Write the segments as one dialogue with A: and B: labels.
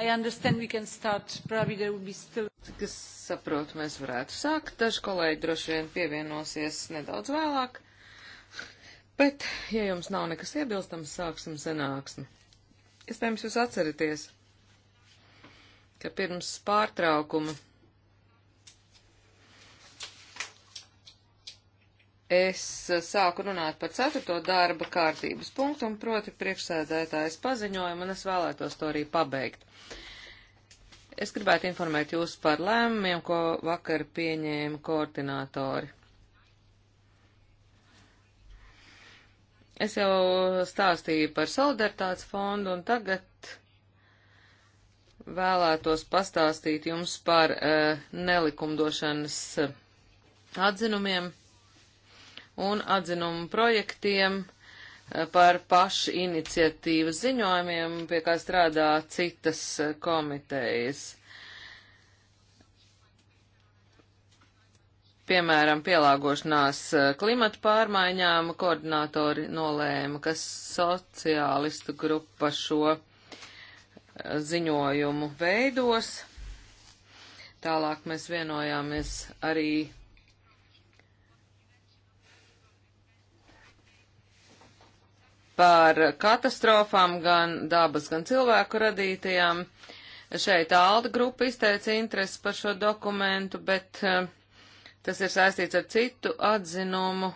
A: Still... Cik es saprotu, mēs varētu sākt. Daži kolēģi droši vien pievienosies nedaudz vēlāk. Bet, ja jums nav nekas iebilstams, sāksim sanāksmi. Iespējams, jūs atceraties, ka pirms pārtraukuma es eh, sāku runāt par ceturto darba kārtības punktu un proti priekšsēdētājas paziņojumu, un es vēlētos to arī pabeigt. Es gribētu informēt jūs par lēmumiem, ko vakar pieņēma koordinātori. Es jau stāstīju par solidaritātes fondu, un tagad vēlētos pastāstīt jums par uh, nelikumdošanas eh, atzinumiem un atzinumu projektiem eh, par pašu iniciatīvas ziņojumiem, pie kā strādā citas eh, komitejas. Piemēram, pielāgošanās eh, klimata pārmaiņām koordinātori nolēma, ka sociālistu grupa šo ziņojumu veidos. Tālāk mēs vienojāmies arī par katastrofām, gan dabas, gan cilvēku radītajām. Šeit Alda grupa izteica interesi par šo dokumentu, bet eh, tas ir saistīts ar citu atzinumu,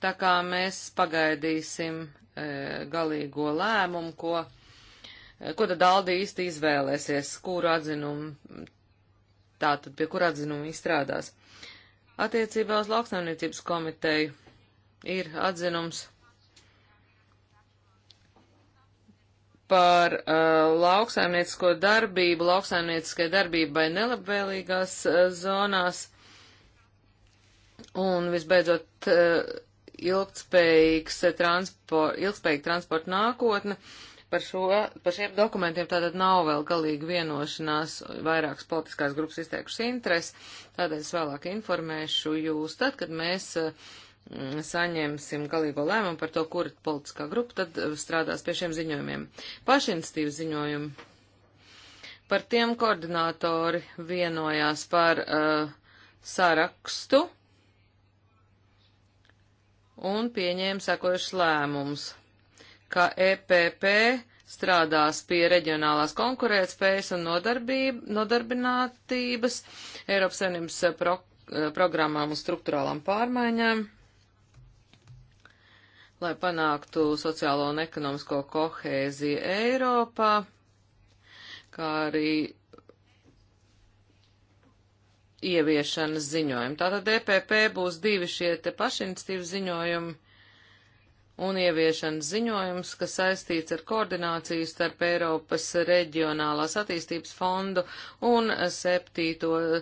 A: tā kā mēs pagaidīsim eh, galīgo lēmumu, ko, eh, ko tad Aldi īsti izvēlēsies, kuru atzinumu, tātad pie kura atzinumu izstrādās. Attiecībā uz lauksaimniecības komiteju ir atzinums par uh, lauksaimniecisko darbību, lauksaimnieciskai darbībai nelabvēlīgās uh, zonās un visbeidzot uh, ilgspējīgs uh, transport, ilgspējīga transporta nākotne. Par, šo, par šiem dokumentiem tātad nav vēl galīgi vienošanās, vairākas politiskās grupas izteikušas interesi, tādēļ es vēlāk informēšu jūs tad, kad mēs uh, Mm, saņemsim galīgo lēmumu par to, kura politiskā grupa tad uh, strādās pie šiem ziņojumiem. Pašinstīvu ziņojumu. Par tiem koordinātori vienojās par uh, sarakstu un pieņēma sekojušas lēmumus, ka EPP strādās pie reģionālās konkurētspējas un nodarbinātības Eiropas Savienības uh, pro, uh, programmām un struktūrālām pārmaiņām lai panāktu sociālo un ekonomisko kohēziju Eiropā, kā arī ieviešanas ziņojumi. Tātad EPP būs divi šie te pašinstīvi ziņojumi un ieviešanas ziņojums, kas saistīts ar koordināciju starp Eiropas reģionālās attīstības fondu un septīto uh,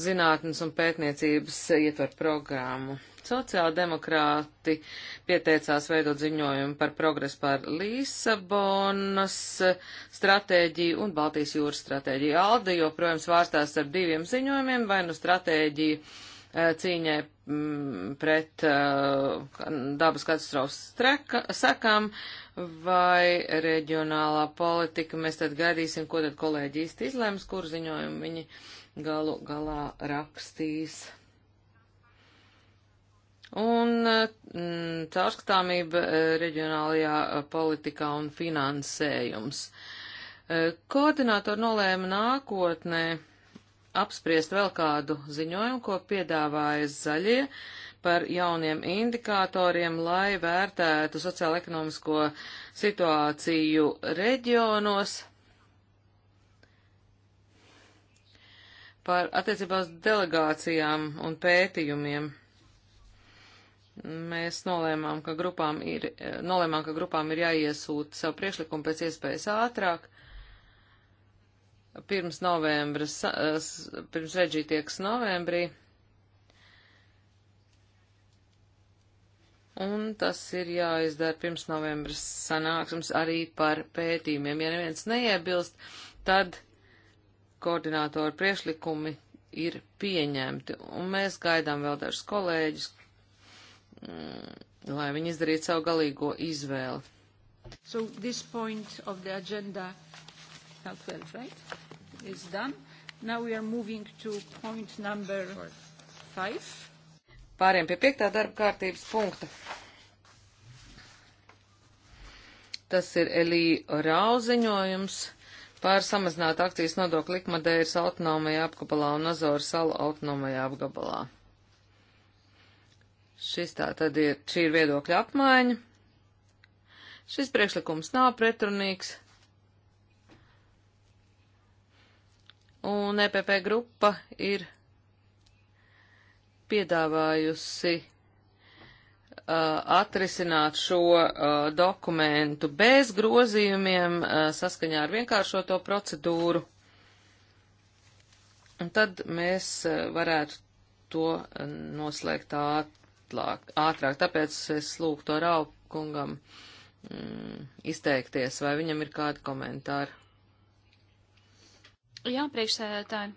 A: zinātnes un pētniecības ietver programmu. Sociāldemokrāti pieteicās veidot ziņojumu par progresu par Lisabonas stratēģiju un Baltijas jūras stratēģiju. Alde joprojām svārstās ar diviem ziņojumiem, vai nu stratēģiju eh, cīņai mm, pret eh, dabas katastrofas sekām vai reģionālā politika. Mēs tad gaidīsim, ko tad kolēģi īsti izlēms, kur ziņojumu viņi galu galā rakstīs. Un mm, caurskatāmība e, reģionālajā e, politikā un finansējums. E, koordinātori nolēma nākotnē apspriest vēl kādu ziņojumu, ko piedāvāja zaļie par jauniem indikatoriem, lai vērtētu sociālo-ekonomisko situāciju reģionos par attiecībā uz delegācijām un pētījumiem. Mēs nolēmām, ka grupām ir, nolēmām, ka grupām ir jāiesūta savu priekšlikumu pēc iespējas ātrāk. Pirms novembra, pirms reģī tieks novembrī. Un tas ir jāizdara pirms novembras sanāksmes arī par pētījumiem. Ja neviens neiebilst, tad koordinātori priešlikumi ir pieņemti, un mēs gaidām vēl dažus kolēģus, mm, lai viņi izdarītu savu galīgo izvēli. So this point of the agenda, not 12, right, is done. Now we are moving to point number 5. Pāriem pie piektā darba kārtības punkta. Tas ir Elī Rauziņojums par samazinātu akcijas nodokli Likmadeiras autonomajā apgabalā un Azoru salu autonomajā apgabalā. Šis tā tad ir, šī ir viedokļa apmaiņa. Šis priekšlikums nav pretrunīgs. Un EPP grupa ir piedāvājusi Uh, atrisināt šo uh, dokumentu bez grozījumiem uh, saskaņā ar vienkāršoto procedūru. Un tad mēs varētu to noslēgt ātlāk, ātrāk. Tāpēc es lūgtu Raukungam mm, izteikties, vai viņam ir kādi komentāri.
B: Jā, priekšsēdētāji.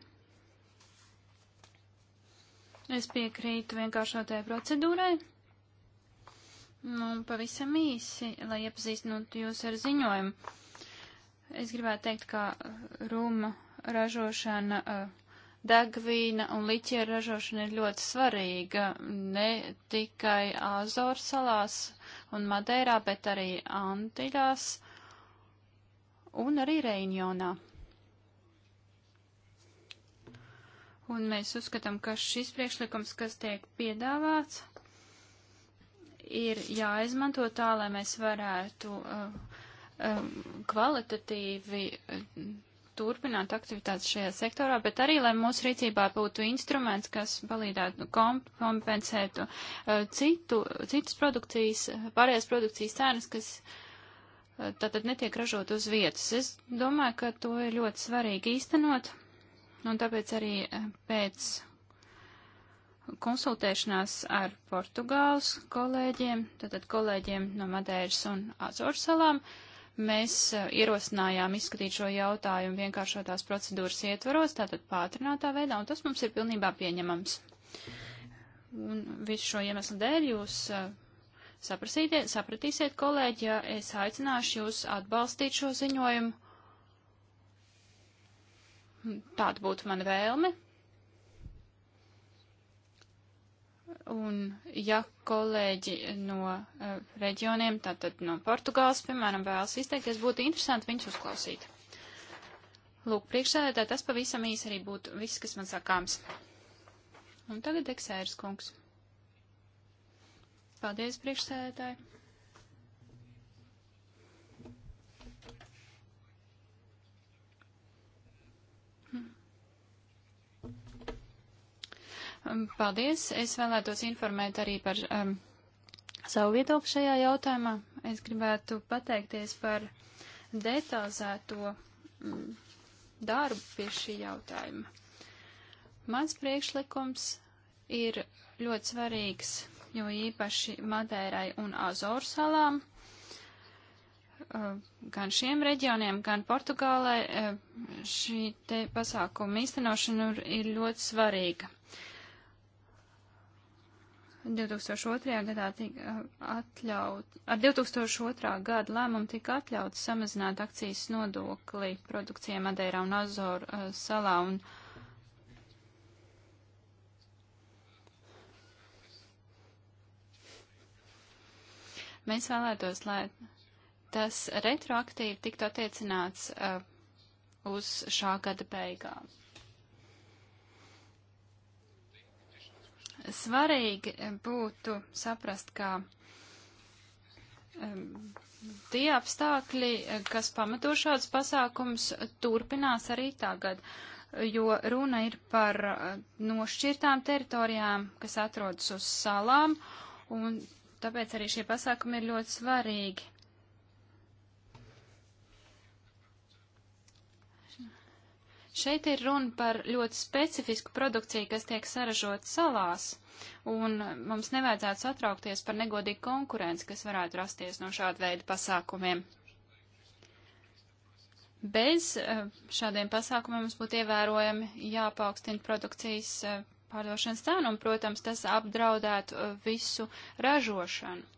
B: Es piekrītu vienkāršotajai procedūrai. Un nu, pavisam īsi, lai iepazīstinātu jūs ar ziņojumu, es gribētu teikt, ka uh, rūma ražošana, uh, degvīna un liķiera ražošana ir ļoti svarīga ne tikai Azoru salās un Madeirā, bet arī Antiļās un arī Reinjonā. Un mēs uzskatām, ka šis priekšlikums, kas tiek piedāvāts, ir jāizmanto tā, lai mēs varētu uh, um, kvalitatīvi uh, turpināt aktivitātes šajā sektorā, bet arī, lai mūsu rīcībā būtu instruments, kas palīdzētu komp kompensēt uh, citu, citas produkcijas, pārējās produkcijas cenas, kas uh, tātad netiek ražot uz vietas. Es domāju, ka to ir ļoti svarīgi īstenot, un tāpēc arī uh, pēc konsultēšanās ar Portugāles kolēģiem, tātad kolēģiem no Madeiras un Azoru salām. Mēs eh, ierosinājām izskatīt šo jautājumu vienkāršotās procedūras ietvaros, tātad pātrinātā veidā, un tas mums ir pilnībā pieņemams. Un visu šo iemeslu dēļ jūs eh, sapratīsiet, kolēģi, ja es aicināšu jūs atbalstīt šo ziņojumu. Tāda būtu mana vēlme, Un ja kolēģi no uh, reģioniem, tātad no Portugāles, piemēram, vēlas izteikties, būtu interesanti viņus uzklausīt. Lūk, priekšsēdētāji, tas pavisam īsi arī būtu viss, kas man sakāms. Un tagad eksēras kungs. Paldies, priekšsēdētāji. Um, paldies. Es vēlētos informēt arī par um, savu viedokli šajā jautājumā. Es gribētu pateikties par detalizēto um, darbu pie šī jautājuma. Mans priekšlikums ir ļoti svarīgs, jo īpaši Madērai un Azoru salām, uh, gan šiem reģioniem, gan Portugālē uh, šī te pasākuma īstenošana ir ļoti svarīga. 2002. gadā tika uh, atļaut, ar 2002. gada lēmumu tika atļauts samazināt akcijas nodokli produkcijai Madeirā un Azoru uh, salā. Un Mēs vēlētos, lai tas retroaktīvi tiktu attiecināts uh, uz šā gada beigām. svarīgi eh, būtu saprast, ka tie apstākļi, eh, kas pamato šādus pasākums, turpinās arī tagad, jo runa ir par eh, nošķirtām teritorijām, kas atrodas uz salām, un tāpēc arī šie pasākumi ir ļoti svarīgi. Šeit ir runa par ļoti specifisku produkciju, kas tiek saražot salās, un mums nevajadzētu satraukties par negodīgu konkurenci, kas varētu rasties no šāda veida pasākumiem. Bez eh, šādiem pasākumiem mums būtu ievērojami jāpaukstina produkcijas eh, pārdošanas cenu, un, protams, tas apdraudētu eh, visu ražošanu.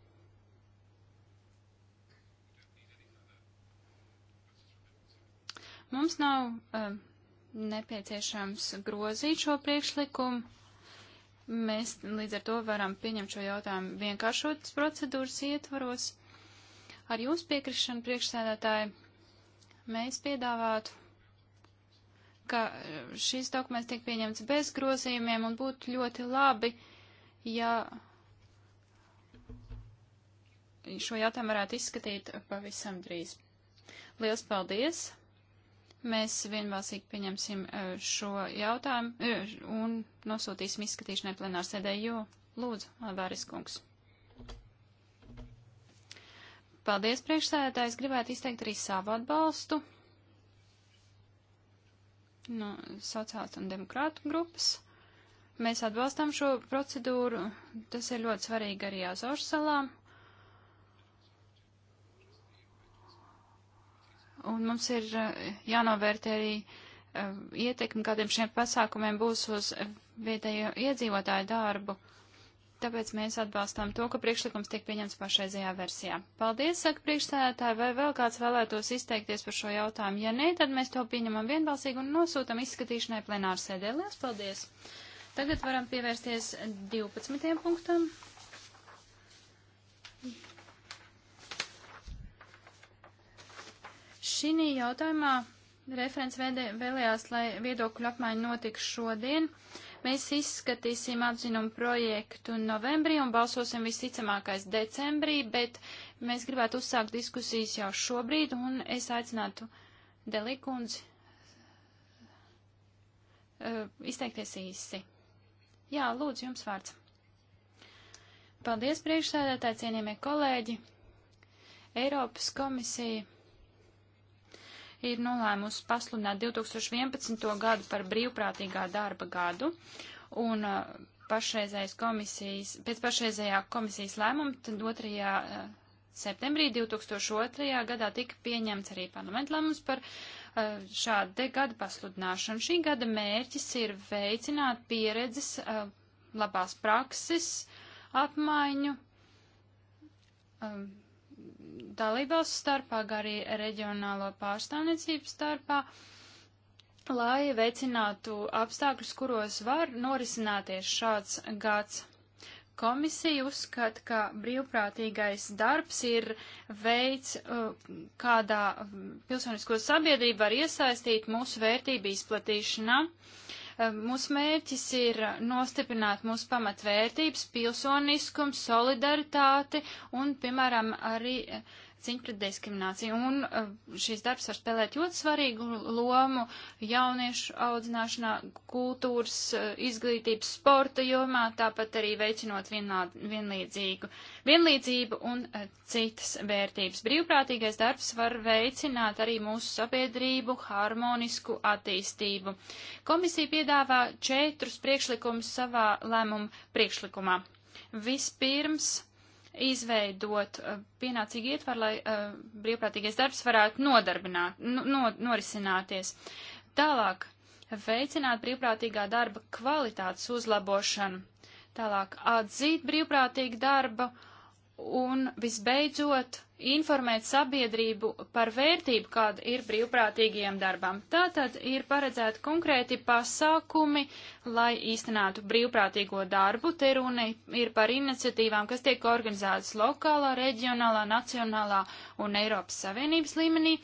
B: Mums nav um, nepieciešams grozīt šo priekšlikumu. Mēs līdz ar to varam pieņemt šo jautājumu vienkāršotas procedūras ietvaros. Ar jūsu piekrišanu priekšsēdētāji mēs piedāvātu, ka šis dokuments tiek pieņemts bez grozījumiem un būtu ļoti labi, ja šo jautājumu varētu izskatīt pavisam drīz. Liels paldies! Mēs vienbalsīgi pieņemsim e, šo jautājumu e, un nosūtīsim izskatīšanai plenāru sēdē, jo lūdzu, Alvāris kungs. Paldies, priekšsēdētājs. Gribētu izteikt arī savu atbalstu no sociālistu un demokrātu grupas. Mēs atbalstām šo procedūru. Tas ir ļoti svarīgi arī Azoru salām. un mums ir eh, jānovērtē arī eh, ietekmi, kādiem šiem pasākumiem būs uz vietējo iedzīvotāju darbu. Tāpēc mēs atbalstām to, ka priekšlikums tiek pieņemts pašreizajā versijā. Paldies, saka priekšsēdētāji, vai vēl kāds vēlētos izteikties par šo jautājumu. Ja nē, tad mēs to pieņemam vienbalsīgi un nosūtam izskatīšanai plenārsēdē. Lielas paldies! Tagad varam pievērsties 12. punktam. Šī jautājumā referents vēlējās, lai viedokļu apmaiņa notiks šodien. Mēs izskatīsim atzinumu projektu novembrī un balsosim visticamākais decembrī, bet mēs gribētu uzsākt diskusijas jau šobrīd un es aicinātu Delikundzi uh, e, izteikties īsi. Jā, lūdzu, jums vārds. Paldies priekšsēdētāji, cienījamie kolēģi. Eiropas komisija ir nolēmusi pasludināt 2011. gadu par brīvprātīgā darba gadu. Un uh, pašreizējais komisijas, pēc pašreizējā komisijas lēmuma, tad 2. Uh, septembrī 2002. gadā tika pieņemts arī parlamenta lēmums par uh, šādu gadu pasludināšanu. Šī gada mērķis ir veicināt pieredzes, labās prakses apmaiņu um, dalībvalsts starpā, gan arī reģionālo pārstāvniecību starpā, lai veicinātu apstākļus, kuros var norisināties šāds gads. Komisija uzskata, ka brīvprātīgais darbs ir veids, uh, kādā pilsonisko sabiedrību var iesaistīt mūsu vērtību izplatīšanā. Uh, Ehm, mūsu mērķis ir nostiprināt mūsu pamatvērtības, pilsoniskums, solidaritāti un, piemēram, arī uh, cīņa pret diskrimināciju. Un uh, šīs darbs var spēlēt ļoti svarīgu lomu jauniešu audzināšanā, kultūras, uh, izglītības, sporta jomā, tāpat arī veicinot vienlīdzīgu, vienlīdzību un uh, citas vērtības. Brīvprātīgais darbs var veicināt arī mūsu sabiedrību harmonisku attīstību. Komisija piedāvā četrus priekšlikumus savā lēmumu priekšlikumā. Vispirms izveidot uh, pienācīgi ietvaru, lai uh, brīvprātīgais darbs varētu nodarbināt, no, norisināties. Tālāk, veicināt brīvprātīgā darba kvalitātes uzlabošanu, tālāk atzīt brīvprātīgu darbu un visbeidzot informēt sabiedrību par vērtību, kāda ir brīvprātīgajiem darbam. Tātad ir paredzēti konkrēti pasākumi, lai īstenātu brīvprātīgo darbu. Te runa ir par iniciatīvām, kas tiek organizētas lokālā, reģionālā, nacionālā un Eiropas Savienības līmenī.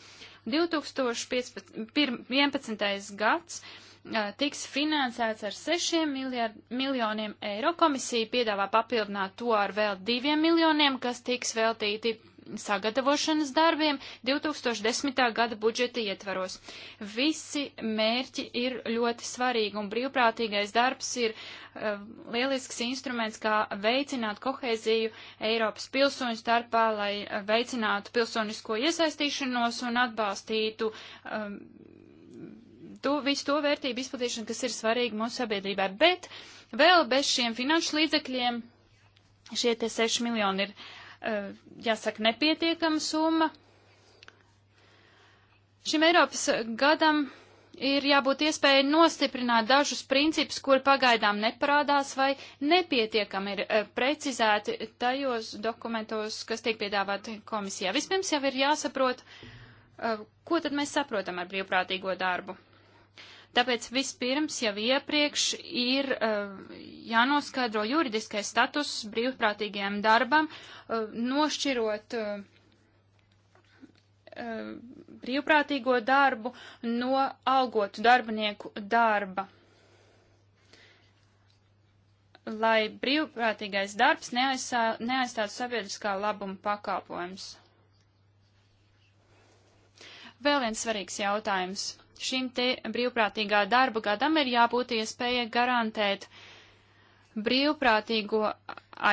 B: 2011. gads tiks finansēts ar 6 miljard, miljoniem eiro. Komisija piedāvā papildināt to ar vēl 2 miljoniem, kas tiks veltīti sagatavošanas darbiem 2010. gada budžeta ietvaros. Visi mērķi ir ļoti svarīgi, un brīvprātīgais darbs ir uh, lielisks instruments, kā veicināt kohēziju Eiropas pilsoņu starpā, lai veicinātu pilsonisko iesaistīšanos un atbalstītu um, to, visu to vērtību izplatīšanu, kas ir svarīgi mūsu sabiedrībai. Bet vēl bez šiem finanšu līdzekļiem šie te 6 miljoni ir Eh, jāsaka, nepietiekama summa. Šim Eiropas gadam ir jābūt iespēja nostiprināt dažus principus, kuri pagaidām neparādās vai nepietiekami ir eh, precizēti tajos dokumentos, kas tiek piedāvāti komisijā. Vispirms jau ir jāsaprot, eh, ko tad mēs saprotam ar brīvprātīgo darbu. Tāpēc vispirms jau iepriekš ir uh, jānoskaidro juridiskais status brīvprātīgajam darbam, uh, nošķirot uh, brīvprātīgo darbu no algotu darbinieku darba lai brīvprātīgais darbs neaizsā, neaizstātu sabiedriskā labuma pakāpojums. Vēl viens svarīgs jautājums šim te brīvprātīgā darba gadam ir jābūt iespēja garantēt brīvprātīgo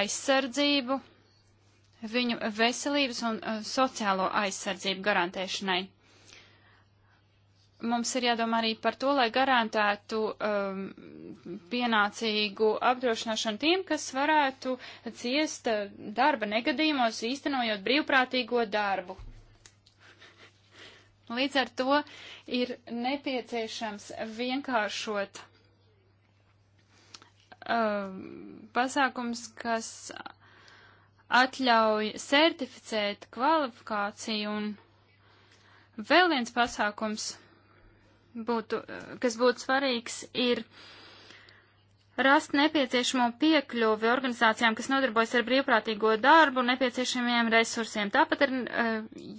B: aizsardzību, viņu veselības un uh, sociālo aizsardzību garantēšanai. Mums ir jādomā arī par to, lai garantētu um, pienācīgu apdrošināšanu tiem, kas varētu ciest uh, darba negadījumos, īstenojot brīvprātīgo darbu. Līdz ar to ir nepieciešams vienkāršot um, pasākums, kas atļauj certificēt kvalifikāciju un vēl viens pasākums, būtu, kas būtu svarīgs, ir rast nepieciešamo piekļuvi organizācijām, kas nodarbojas ar brīvprātīgo darbu, nepieciešamiem resursiem. Tāpat ir eh,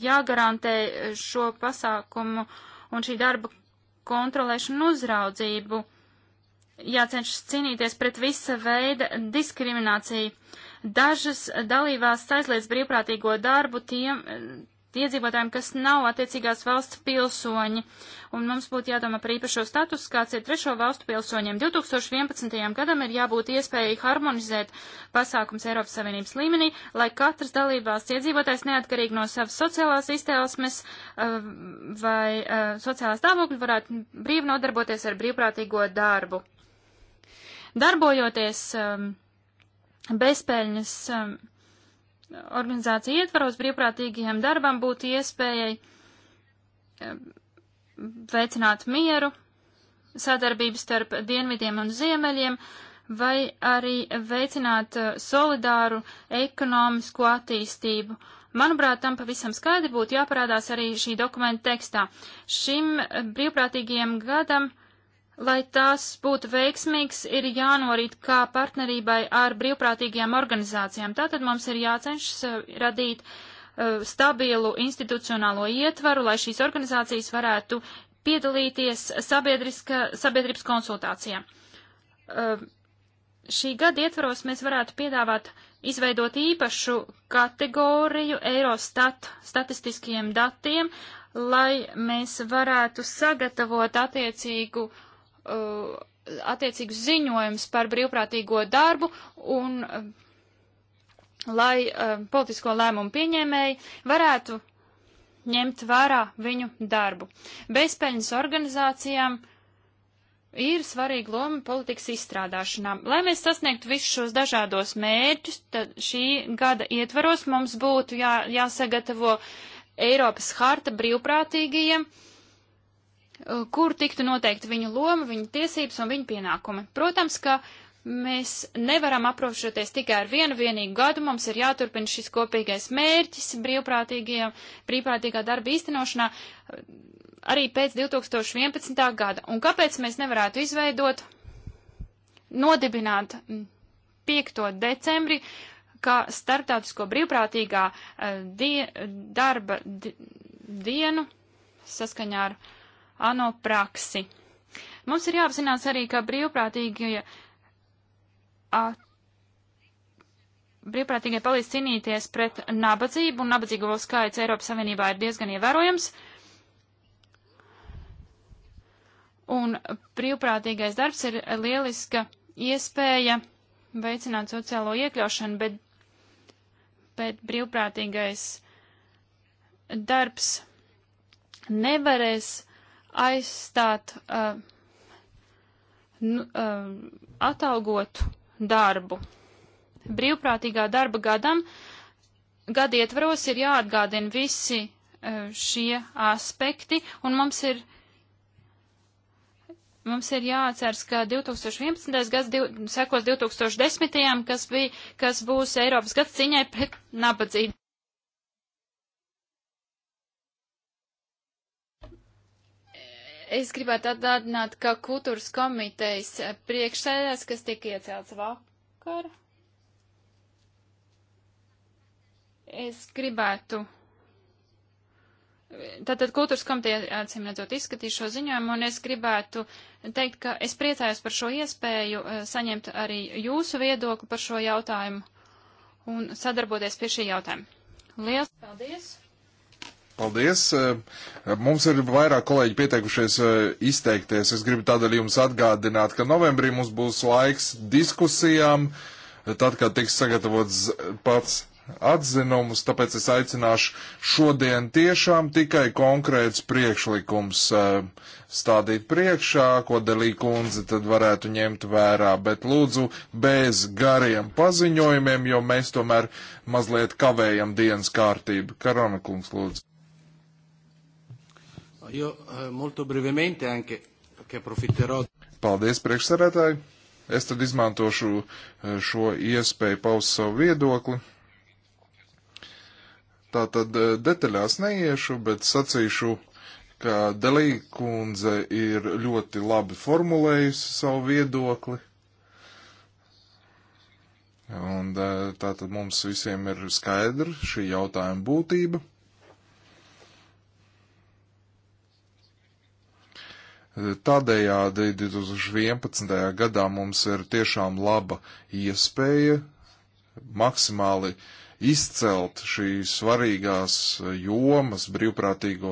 B: jāgarantē šo pasākumu uh, un šī darba kontrolēšanu un uzraudzību jācenšas cīnīties pret visa veida diskrimināciju. Dažas dalībās aizliedz brīvprātīgo darbu tiem, iedzīvotājiem, kas nav attiecīgās valsts pilsoņi, un mums būtu jādomā par īpašo status, kāds ir trešo valstu pilsoņiem. 2011. gadam ir jābūt iespējai harmonizēt pasākums Eiropas Savienības līmenī, lai katrs dalībvalsts iedzīvotājs neatkarīgi no savas sociālās iztēlesmes uh, vai uh, sociālās stāvokļa varētu brīvi nodarboties ar brīvprātīgo darbu. Darbojoties um, bezpēļņas um, organizācija ietvaros brīvprātīgajiem darbam būtu iespējai eh, veicināt mieru, sadarbību starp dienvidiem un ziemeļiem, vai arī veicināt eh, solidāru ekonomisko attīstību. Manuprāt, tam pavisam skaidri būtu jāparādās arī šī dokumenta tekstā. Šim eh, brīvprātīgajiem gadam Lai tās būtu veiksmīgas, ir jānorīt kā partnerībai ar brīvprātīgajām organizācijām. Tātad mums ir jācenšas eh, radīt uh, stabilu institucionālo ietvaru, lai šīs organizācijas varētu piedalīties sabiedrības konsultācijā. Uh, šī gada ietvaros mēs varētu piedāvāt izveidot īpašu kategoriju Eurostat statistiskiem datiem, lai mēs varētu sagatavot attiecīgu uh, uh, attiecīgus ziņojumus par brīvprātīgo darbu un uh, lai uh, politisko lēmumu pieņēmēji varētu ņemt vērā viņu darbu. Bezpēļņas organizācijām ir svarīga loma politikas izstrādāšanā. Lai mēs sasniegtu visus šos dažādos mērķus, tad šī gada ietvaros mums būtu jā, jāsagatavo Eiropas harta brīvprātīgajiem. Uh, Uh, kur tiktu noteikti viņu loma, viņu tiesības un viņu pienākumi. Protams, ka mēs nevaram aprobežoties tikai ar vienu vienīgu gadu, mums ir jāturpina šis kopīgais mērķis brīvprātīgā darba īstenošanā uh, arī pēc 2011. gada. Un kāpēc mēs nevarētu izveidot, nodibināt 5. Mm, decembri, kā starptautisko brīvprātīgā uh, die, darba di, dienu saskaņā ar ANO praksi. Mums ir jāapzinās arī, ka brīvprātīgie, a, brīvprātīgie palīdz cīnīties pret nabadzību, un nabadzīgo skaits Eiropas Savienībā ir diezgan ievērojams. Un brīvprātīgais darbs ir lieliska iespēja veicināt sociālo iekļaušanu, bet, bet brīvprātīgais darbs nevarēs aizstāt uh, nu, uh, atalgotu darbu. Brīvprātīgā darba gadam gada ietvaros ir jāatgādina visi uh, šie aspekti, un mums ir, mums ir jāatceras, ka 2011. gads div, sekos 2010. kas bija, kas būs Eiropas gads ciņai pret nabadzību. Es gribētu atgādināt, ka kultūras komitejas priekšsēdās, kas tika iecelts vakar, es gribētu. Tātad kultūras komiteja acīm redzot izskatīja šo ziņojumu, un es gribētu teikt, ka es priecājos par šo iespēju eh, saņemt arī jūsu viedokli par šo jautājumu un sadarboties pie šī jautājuma. Lielas paldies!
C: Paldies. Eh, mums ir vairāk kolēģi pieteikušies eh, izteikties. Es gribu tādēļ jums atgādināt, ka novembrī mums būs laiks diskusijām, eh, tad, kad tiks sagatavots pats atzinumus, tāpēc es aicināšu šodien tiešām tikai konkrēts priekšlikums stādīt priekšā, ko Delī kundze tad varētu ņemt vērā, bet lūdzu bez gariem paziņojumiem, jo mēs tomēr mazliet kavējam dienas kārtību. Karona kungs, lūdzu.
B: Io eh, molto brevemente anche,
C: che approfitterò. Paldies, priekšsarētāji. Es tad izmantošu eh, šo iespēju paust savu viedokli. Tā tad eh, detaļās neiešu, bet sacīšu, ka Delī kundze ir ļoti labi formulējusi savu viedokli. Un eh, tā tad mums visiem ir skaidra šī jautājuma būtība. Tādējādi 2011. gadā mums ir tiešām laba iespēja maksimāli izcelt šīs svarīgās jomas brīvprātīgo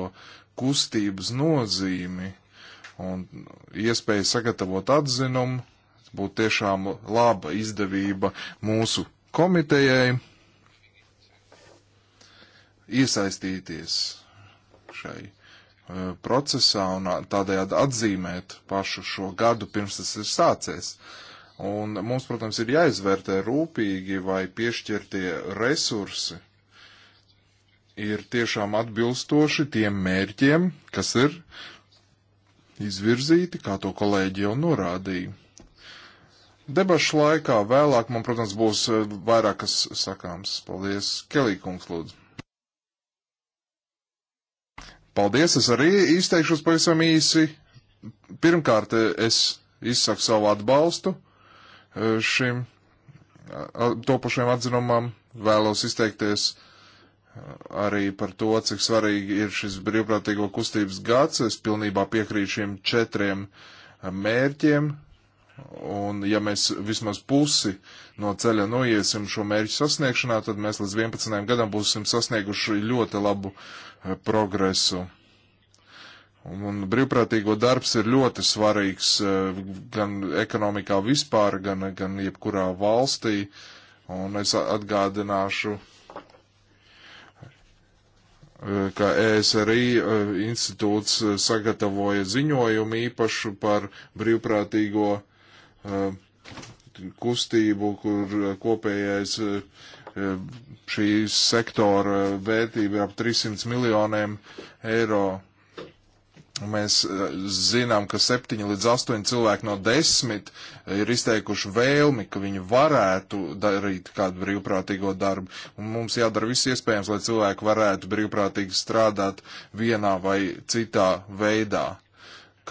C: kustības nozīmi un iespēja sagatavot atzinumu būtu tiešām laba izdevība mūsu komitejai iesaistīties šai E, procesā un tādējādi atzīmēt pašu šo gadu pirms tas ir sācies. Un mums, protams, ir jāizvērtē rūpīgi, vai piešķirtie resursi ir tiešām atbilstoši tiem mērķiem, kas ir izvirzīti, kā to kolēģi jau norādīja. Debašu laikā vēlāk man, protās, būs e, vairākas sakāms. Paldies, Kelī kungs, lūdzu. Paldies, es arī izteikšos pavisam īsi. Pirmkārt, es izsaku savu atbalstu e, šim topušajam atzinumam. Vēlos izteikties e, arī par to, cik svarīgi ir šis brīvprātīgo kustības gads. Es pilnībā piekrītu šiem četriem mērķiem, Un ja mēs vismaz pusi no ceļa noiesim šo mērķu sasniegšanā, tad mēs līdz 11. gadam būsim sasnieguši ļoti labu eh, progresu. Un, un brīvprātīgo darbs ir ļoti svarīgs eh, gan ekonomikā vispār, gan, gan jebkurā valstī. Un es atgādināšu, eh, ka ESRI institūts sagatavoja ziņojumu īpašu par brīvprātīgo Uh, kustību, kur kopējais uh, šīs sektora vērtība ir ap 300 miljoniem eiro. Mēs uh, zinām, ka septiņi līdz astoņi cilvēki no desmit ir izteikuši vēlmi, ka viņi varētu darīt kādu brīvprātīgo darbu. Un mums jādara viss iespējams, lai cilvēki varētu brīvprātīgi strādāt vienā vai citā veidā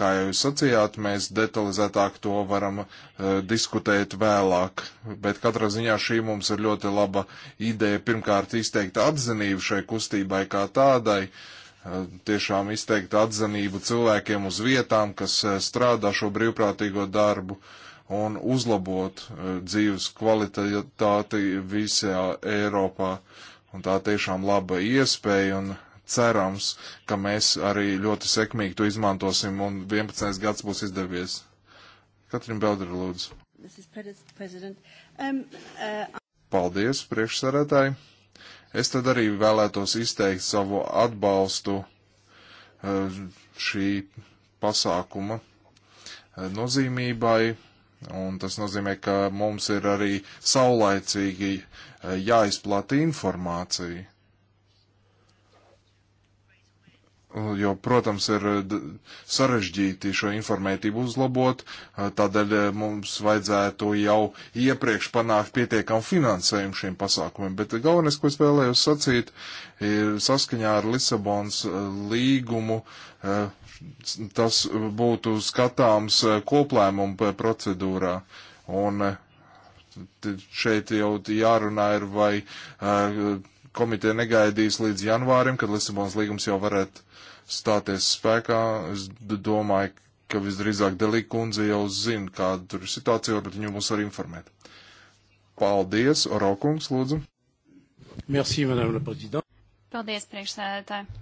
C: Kā jau jūs sacījāt, mēs detalizētāk to varam uh, diskutēt vēlāk, bet katrā ziņā šī mums ir ļoti laba ideja pirmkārt izteikt atzinību šai kustībai kā tādai, uh, tiešām izteikt atzinību cilvēkiem uz vietām, kas uh, strādā šo brīvprātīgo darbu un uzlabot dzīves kvalitāti visā Eiropā. Un tā tiešām laba iespēja un cerams, ka mēs arī ļoti sekmīgi to izmantosim un 11. gads būs izdevies. Katrin Beldra, lūdzu.
B: Um, uh...
C: Paldies, priekšsarētāji. Es tad arī vēlētos izteikt savu atbalstu uh, šī pasākuma uh, nozīmībai, un tas nozīmē, ka mums ir arī saulaicīgi uh, jāizplata informācija jo, protams, ir eh, sarežģīti šo informētību uzlabot, eh, tādēļ eh, mums vajadzētu jau iepriekš panākt pietiekamu finansējumu šiem pasākumiem. Bet galvenais, ko es vēlējos sacīt, ir saskaņā ar Lisabons līgumu, tas būtu skatāms koplēmumu procedūrā. Un šeit jau jārunā ir vai komiteja negaidīs līdz janvārim, kad Lisabonas līgums jau varētu stāties spēkā. Es domāju, ka visdrīzāk Delīka kundze jau zina, kāda tur ir situācija, bet viņu mums var informēt. Paldies, Orokungs, lūdzu. Merci, madame la présidente.
B: Paldies, priekšsēdētāji.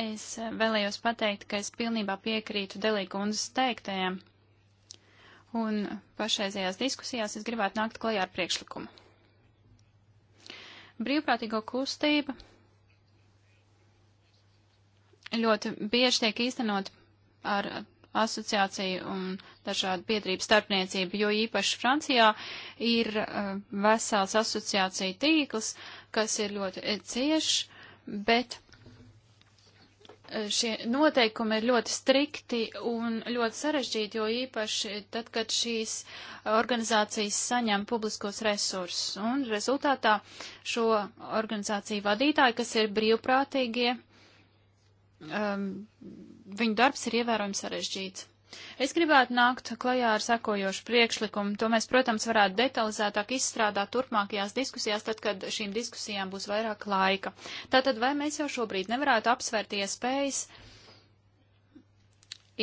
B: Es vēlējos pateikt, ka es pilnībā piekrītu Delīka kundzes teiktajam. Un pašreizējās diskusijās es gribētu nākt klajā ar priekšlikumu. Brīvprātīgo kustība ļoti bieži tiek īstenot ar asociāciju un dažādu biedrību starpniecību, jo īpaši Francijā ir uh, vesels asociācija tīkls, kas ir ļoti eh, ciešs, bet eh, šie noteikumi ir ļoti strikti un ļoti sarežģīti, jo īpaši tad, kad šīs organizācijas saņem publiskos resursus. Un rezultātā šo organizāciju vadītāji, kas ir brīvprātīgie, um, viņu darbs ir ievērojami sarežģīts. Es gribētu nākt klajā ar sekojošu priekšlikumu. To mēs, protams, varētu detalizētāk izstrādāt turpmākajās diskusijās, tad, kad šīm diskusijām būs vairāk laika. Tātad, vai mēs jau šobrīd nevarētu apsvērt iespējas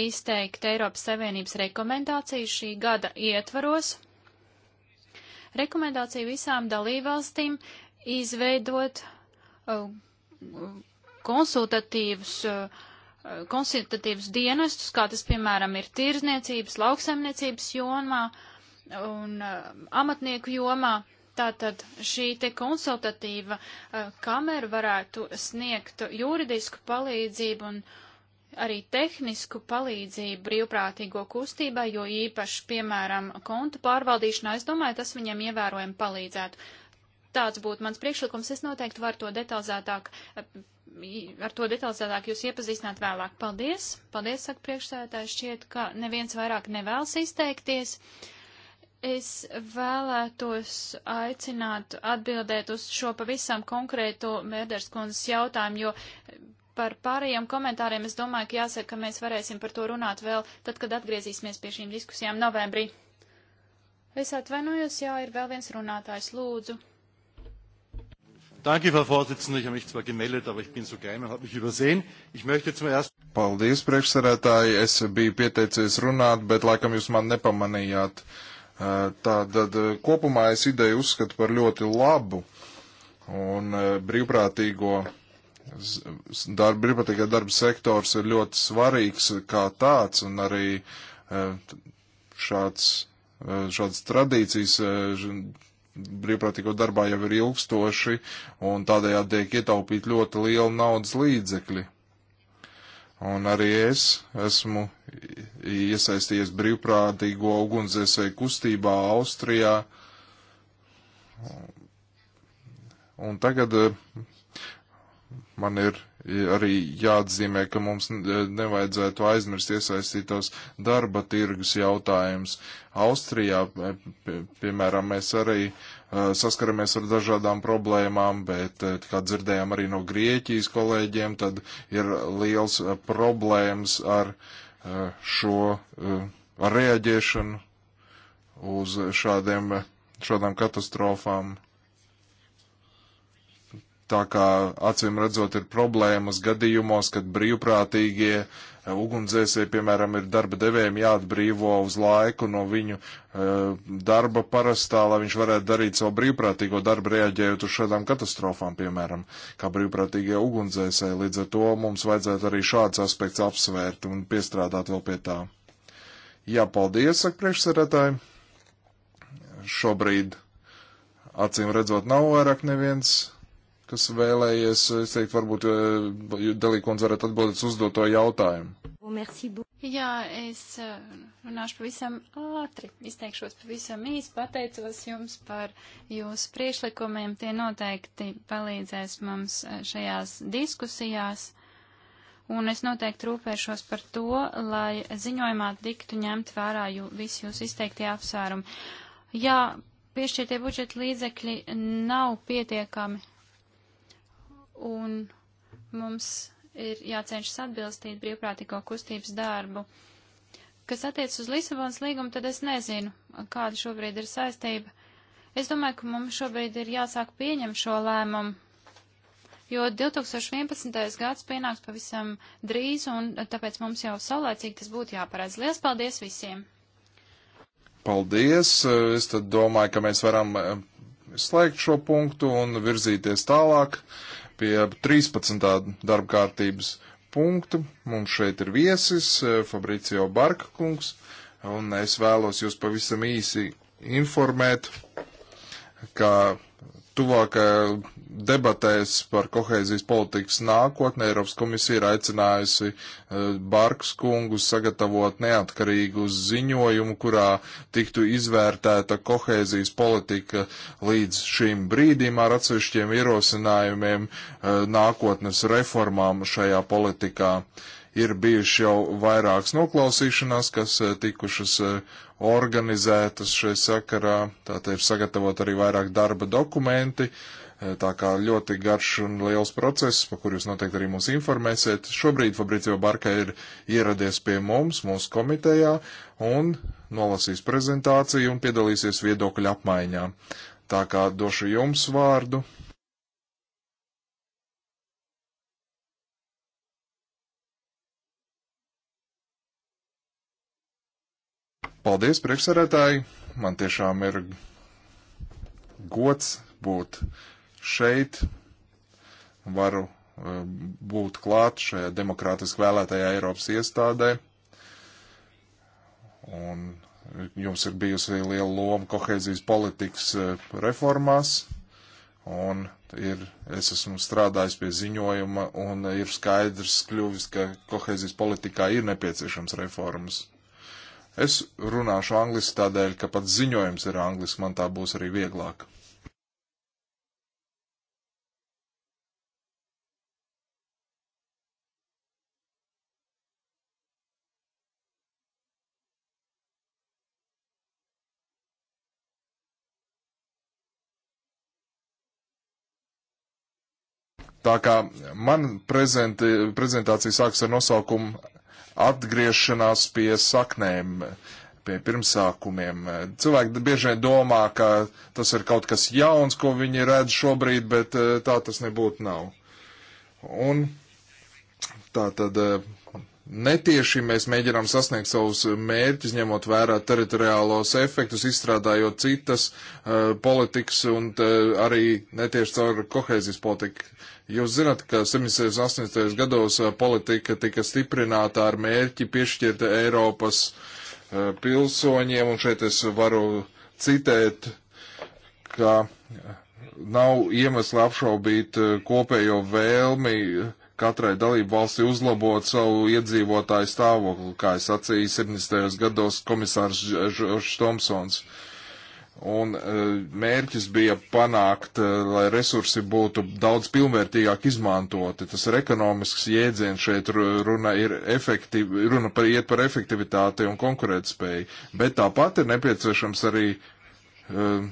B: izteikt Eiropas Savienības rekomendāciju šī gada ietvaros? Rekomendāciju visām dalībvalstīm izveidot uh, uh, konsultatīvus, eh, konsultatīvus dienestus, kā tas, piemēram, ir tirzniecības, lauksaimniecības jomā un eh, amatnieku jomā. Tātad šī te konsultatīva eh, kamera varētu sniegt juridisku palīdzību un arī tehnisku palīdzību brīvprātīgo kustībai, jo īpaši, piemēram, kontu pārvaldīšanā, es domāju, tas viņiem ievērojami palīdzētu tāds būtu mans priekšlikums. Es noteikti varu to detalizētāk, ar to detalizētāk jūs iepazīstināt vēlāk. Paldies! Paldies, saka priekšsēdētājs, šķiet, ka neviens vairāk nevēlas izteikties. Es vēlētos aicināt atbildēt uz šo pavisam konkrēto Mērders kundzes jautājumu, jo par pārējiem komentāriem es domāju, ka jāsaka, ka mēs varēsim par to runāt vēl tad, kad atgriezīsimies pie šīm diskusijām novembrī. Es atvainojos, jā, ir vēl viens runātājs, lūdzu.
C: Danke, Frau Vorsitzende. Ich habe mich zwar gemeldet, aber ich bin so geil, man hat mich übersehen. Ich möchte zum ersten. Paldies, priekšsarētāji. Es biju pieteicies runāt, bet laikam jūs man nepamanījāt. Tātad kopumā es ideju uzskatu par ļoti labu un brīvprātīgo darba, brīvprātīgā darba sektors ir ļoti svarīgs kā tāds un arī šāds, šāds tradīcijas brīvprātīgo darbā jau ir ilgstoši un tādējādi tiek ietaupīt ļoti liela naudas līdzekļi. Un arī es esmu iesaistījies brīvprātīgo ugunsdzēsēju kustībā Austrijā. Un tagad eh, man ir arī jāatzīmē, ka mums e, nevajadzētu aizmirst iesaistītos darba tirgus jautājums. Austrijā, e, piemēram, mēs arī e, saskaramies ar dažādām problēmām, bet, kā dzirdējām arī no Grieķijas kolēģiem, tad ir liels problēmas ar šo ar reaģēšanu uz šādiem, šādām katastrofām. Tā kā acīm redzot ir problēmas gadījumos, kad brīvprātīgie eh, ugunsdzēsēji, piemēram, ir darba devējiem jāatbrīvo uz laiku no viņu e, darba parastā, lai viņš varētu darīt savu brīvprātīgo darbu, reaģējot uz šādām katastrofām, piemēram, kā brīvprātīgie ugunsdzēsēji. Līdz ar to mums vajadzētu arī šāds aspekts apsvērt un piestrādāt vēl pie tā. Jā, paldies, saka priekšsarētāji. Šobrīd, acīm redzot, nav vairāk neviens kas vēlējies, es teiktu, varbūt eh, dalīkons varētu atbildēt uzdot to jautājumu.
B: Oh, Jā, es eh, runāšu pavisam ātri, izteikšos pavisam īsi, pateicos jums par jūsu priešlikumiem, tie noteikti palīdzēs mums eh, šajās diskusijās. Un es noteikti rūpēšos par to, lai ziņojumā tiktu ņemt vērā jū, visi jūs izteiktie apsvērumi. Jā, piešķirtie budžeta līdzekļi nav pietiekami un mums ir jācenšas atbilstīt brīvprātīgo kustības darbu. Kas attiec uz Lisabonas līgumu, tad es nezinu, kāda šobrīd ir saistība. Es domāju, ka mums šobrīd ir jāsāk pieņemt šo lēmumu, jo 2011. gads pienāks pavisam drīz, un tāpēc mums jau saulēcīgi tas būtu jāparedz. Lielas paldies visiem!
C: Paldies! Es tad domāju, ka mēs varam eh, slēgt šo punktu un virzīties tālāk pie 13. darba kārtības punktu. Mums šeit ir viesis eh, Fabricio Barka kungs, un es vēlos jūs pavisam īsi informēt, ka tuvākajā debatēs par kohēzijas politikas nākotnē Eiropas komisija ir aicinājusi eh, Barks kungu sagatavot neatkarīgu ziņojumu, kurā tiktu izvērtēta kohēzijas politika līdz šim brīdim ar atsevišķiem ierosinājumiem eh, nākotnes reformām šajā politikā. Uh, Ir bijuši jau vairākas noklausīšanās, kas eh, tikušas eh, organizētas šai sakarā, tātad ir sagatavot arī vairāk darba dokumenti, eh, tā kā ļoti garš un liels process, par kur jūs noteikti arī mūs informēsiet. Šobrīd Fabricio Barka ir ieradies pie mums, mūsu komitejā, un nolasīs prezentāciju un piedalīsies viedokļu apmaiņā. Tā kā došu jums vārdu. Paldies, priekšsarētāji! Man tiešām ir gods būt šeit. Varu eh, būt klāt šajā demokrātiski vēlētajā Eiropas iestādē. Un jums ir bijusi liela loma kohēzijas politikas eh, reformās. Un ir, es esmu strādājis pie ziņojuma un ir skaidrs kļuvis, ka kohēzijas politikā ir nepieciešams reformas. Es runāšu angliski tādēļ, ka pats ziņojums ir angliski, man tā būs arī vieglāk. Tā kā man prezenti, prezentācija sāks ar nosaukumu atgriešanās pie saknēm, pie pirmsākumiem. Cilvēki bieži vien domā, ka tas ir kaut kas jauns, ko viņi redz šobrīd, bet eh, tā tas nebūtu nav. Un tā tad eh, Netieši mēs mēģinām sasniegt savus mērķus, ņemot vērā teritoriālos efektus, izstrādājot citas uh, politikas un uh, arī netieši caur kohēzijas politiku. Jūs zināt, ka 78. gados uh, politika tika stiprināta ar mērķi piešķirt Eiropas uh, pilsoņiem, un šeit es varu citēt, ka uh, nav iemesla apšaubīt uh, kopējo vēlmi katrai dalību valsti uzlabot savu iedzīvotāju stāvokli, kā es sacīju 70. gados komisārs Žoržs Tomsons. Un e, mērķis bija panākt, e, lai resursi būtu daudz pilnvērtīgāk izmantoti. Tas ir ekonomisks jēdziens šeit, runa, ir efektiv, runa par iet par efektivitāti un konkurētspēju. Bet tāpat ir nepieciešams arī uh,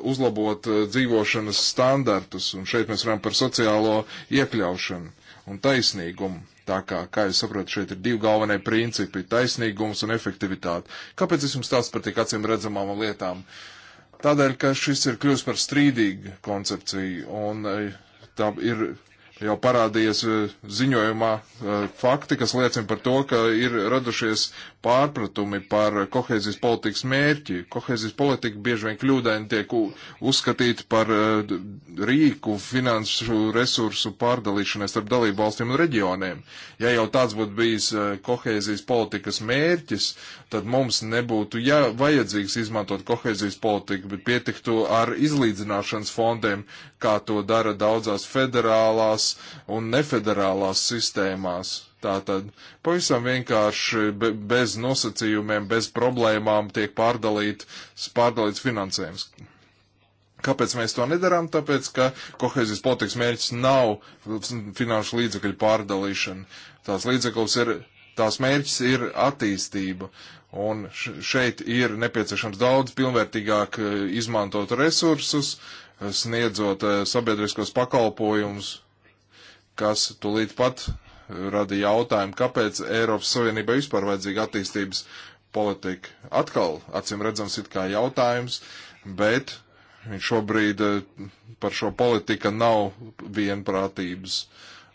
C: uzlabot eh, dzīvošanas standartus, un šeit mēs runājam par sociālo iekļaušanu un taisnīgumu. Tā kā, kā jūs saprotat, šeit ir divi galvenie principi - taisnīgums un efektivitāte. Kāpēc es jums stāstu par tik acīm redzamām lietām? Tādēļ, ka šis ir kļuvis par strīdīgu koncepciju, un eh, tā ir jau parādījies e, ziņojumā e, fakti, kas liecina par to, ka ir radušies pārpratumi par kohēzijas politikas mērķi. Kohēzijas politika bieži vien kļūdaini tiek uzskatīta par e, rīku finanšu resursu pārdalīšanai starp dalību valstīm un reģioniem. Ja jau tāds būtu bijis kohēzijas politikas mērķis, tad mums nebūtu jā, vajadzīgs izmantot kohēzijas politiku, bet pietiktu ar izlīdzināšanas fondiem, kā to dara daudzās federālās un nefederālās sistēmās. Tātad pavisam vienkārši be, bez nosacījumiem, bez problēmām tiek pārdalīt, pārdalīts finansējums. Kāpēc mēs to nedarām? Tāpēc, ka kohēzijas politikas mērķis nav finanšu līdzekļu pārdalīšana. Tās līdzeklis ir, tās mērķis ir attīstība. Un šeit ir nepieciešams daudz pilnvērtīgāk eh, izmantot resursus, uh, sniedzot eh, sabiedriskos pakalpojumus, kas tulīt pat rada jautājumu, kāpēc Eiropas Savienībai vispār vajadzīga attīstības politika. Atkal, acīm redzams, it kā jautājums, bet šobrīd eh, par šo politika nav vienprātības.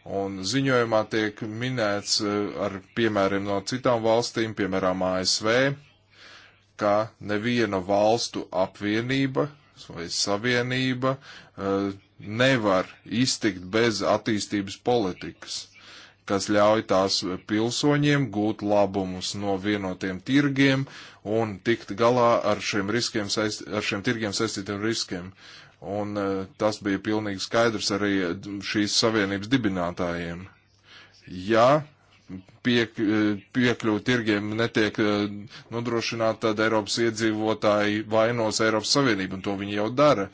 C: Un ziņojumā tiek minēts eh, ar piemēriem no citām valstīm, piemēram, ASV, ka neviena valstu apvienība vai savienība eh, nevar iztikt bez attīstības politikas, kas ļauj tās pilsoņiem gūt labumus no vienotiem tirgiem un tikt galā ar šiem, riskiem, ar šiem tirgiem saistītiem riskiem. Un eh, tas bija pilnīgi skaidrs arī eh, šīs savienības dibinātājiem. Ja piek, piekļuvu tirgiem netiek eh, nodrošināta, tad Eiropas iedzīvotāji vainos Eiropas Savienību, un to viņi jau dara.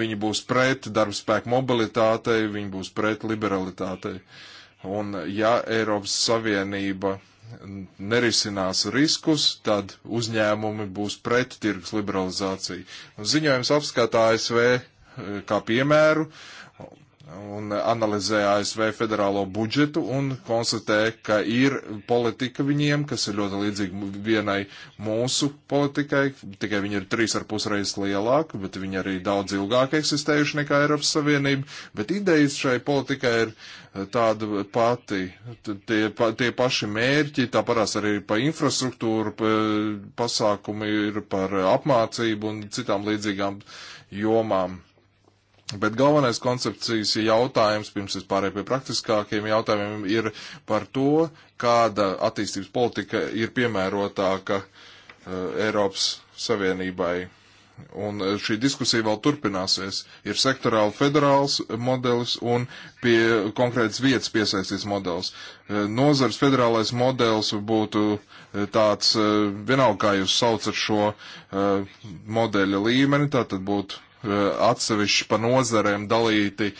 C: Viņi būs pret darbspēku mobilitātei, viņi būs pret liberalitātei. Un ja Eiropas Savienība nerisinās riskus, tad uzņēmumi būs pret tirgus liberalizāciju. Un ziņojums apskatā ASV eh, kā piemēru, un analizē ASV federālo budžetu un konstatē, ka ir politika viņiem, kas ir ļoti līdzīga vienai mūsu politikai, tikai viņi ir trīs ar pusreiz lielāki, bet viņi arī daudz ilgāk eksistējuši nekā Eiropas Savienība, bet idejas šai politikai ir eh, tāda pati, tie, pa, tie paši mērķi, tāpatās arī pa infrastruktūru, pa, pasākumi ir par apmācību un citām līdzīgām jomām Bet galvenais koncepcijas jautājums, pirms es pārēju pie praktiskākiem jautājumiem, ir par to, kāda attīstības politika ir piemērotāka uh, Eiropas Savienībai. Un eh, šī diskusija vēl turpināsies. Ir sektorāli federāls modelis un pie konkrētas vietas piesaistīts modelis. Uh, nozars federālais modelis būtu tāds, uh, vienalga kā jūs saucat šo modeļa līmeni, tā tad būtu Eh, atsevišķi pa nozarēm dalīti eh,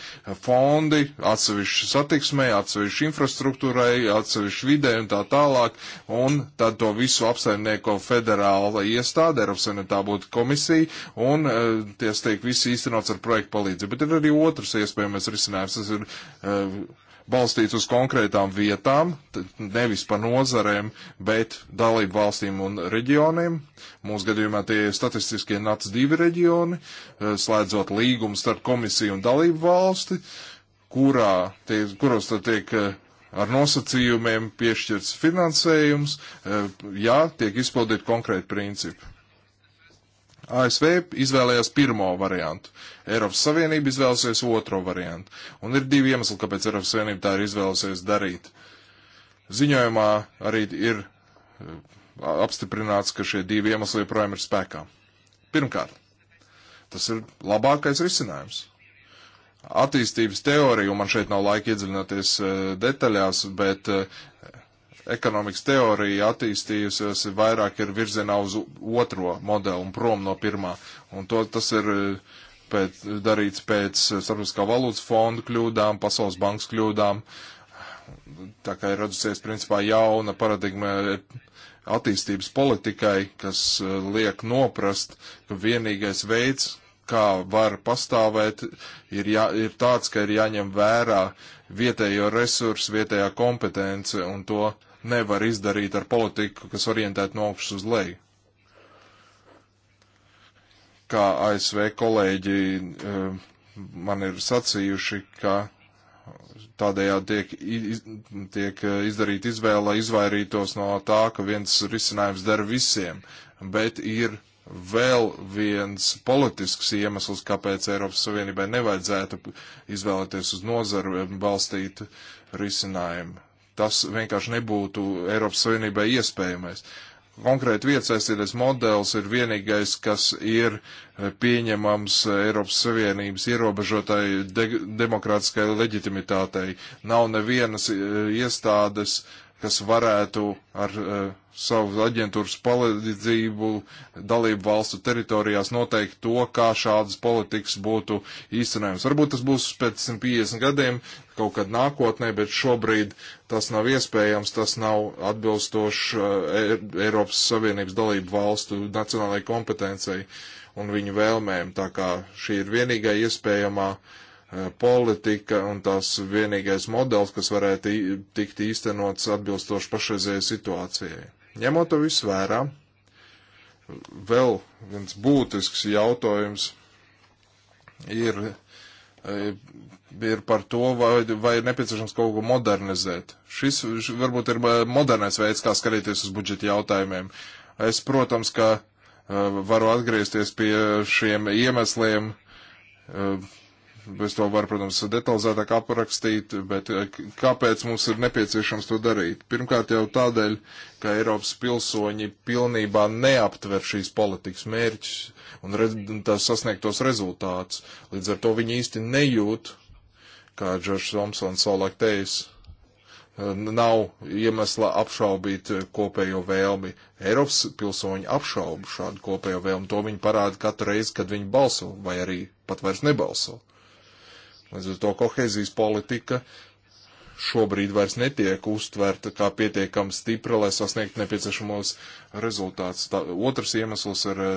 C: fondi, atsevišķi satiksmē, atsevišķi infrastruktūrai, atsevišķi vidē un tā tālāk, un tad to visu apsaimnieko federāla iestāde, Eiropas Savienotā būtu komisija, un uh, ties tiek visi īstenots ar projektu palīdzību. Bet ir arī otrs iespējamais risinājums, tas ir uh, balstīts uz konkrētām vietām, nevis par nozarēm, bet dalību valstīm un reģioniem. Mūsu gadījumā tie ir statistiskie NAC divi reģioni, e, slēdzot līgumu starp komisiju un dalību valsti, kurā, tie, kuros tad tiek e, ar nosacījumiem piešķirts finansējums, e, ja tiek izpildīti konkrēti principi. ASV izvēlējās pirmo variantu, Eiropas Savienība izvēlēsies otro variantu. Un ir divi iemesli, kāpēc Eiropas Savienība tā ir izvēlēsies darīt. Ziņojumā arī ir uh, apstiprināts, ka šie divi iemesli joprojām ir spēkā. Pirmkārt, tas ir labākais risinājums attīstības teoriju, un man šeit nav laika iedziļināties uh, detaļās, bet uh, ekonomikas teorija attīstījusies, vairāk ir virzienā uz otro modeli un prom no pirmā. Un to, tas ir e, pēc, darīts pēc starptautiskā valūtas fonda kļūdām, pasaules bankas kļūdām. Tā kā ir radusies principā jauna paradigma attīstības politikai, kas e, liek noprast, ka vienīgais veids, kā var pastāvēt, ir, jā, ir tāds, ka ir jāņem vērā vietējo resursu, vietējā kompetence un to uh, nevar izdarīt ar politiku, kas orientēta no augšas uz leju. Kā ASV kolēģi e, man ir sacījuši, ka tādējādi tiek, iz, tiek e, izdarīta izvēle, lai izvairītos no tā, ka viens risinājums der visiem, bet ir vēl viens politisks iemesls, kāpēc Eiropas Savienībai nevajadzētu izvēlēties uz nozaru e, balstīt risinājumu. Tas vienkārši nebūtu Eiropas Savienībai iespējamais. Konkrēti vietas aizsardzības modelis ir vienīgais, kas ir eh, pieņemams Eiropas Savienības ierobežotai de demokrātiskai leģitimitātei. Nav nevienas eh, iestādes, uh, kas varētu ar uh, savu aģentūras palīdzību dalību valstu teritorijās noteikt to, kā šādas politikas būtu īstenējums. Varbūt tas būs pēc 150 gadiem, kaut kad nākotnē, bet šobrīd tas nav iespējams, tas nav atbilstoši uh, eh, Eiropas Savienības dalību valstu nacionālajai kompetencijai un viņu vēlmēm. Tā kā šī ir vienīgā iespējamā uh, Eh, politika un tās vienīgais modelis, kas varētu tikt īstenots atbilstoši pašreizējai situācijai. Ņemot to visu vērā, vēl viens būtisks jautājums ir, eh, ir par to, vai, vai ir nepieciešams kaut ko modernizēt. Šis varbūt ir eh, modernais veids, kā skatīties uz budžeta jautājumiem. Es, protams, ka varu atgriezties pie šiem iemesliem, Es to varu, protams, detalizētāk aprakstīt, bet eh, kāpēc mums ir nepieciešams to darīt? Pirmkārt jau tādēļ, ka Eiropas pilsoņi pilnībā neaptver šīs politikas mērķus un, redz, un tās sasniegtos rezultātus. Līdz ar to viņi īsti nejūt, kā Džordžs Tomsons savulaik teica, nav iemesla apšaubīt kopējo vēlmi. Eiropas pilsoņi apšauba šādu kopējo vēlmi. To viņi parāda katru reizi, kad viņi balso, vai arī pat vairs nebalso. Līdz ar to kohēzijas politika šobrīd vairs netiek uztverta kā pietiekami stipra, lai sasniegtu nepieciešamos rezultātus. Tā, otrs iemesls ir eh,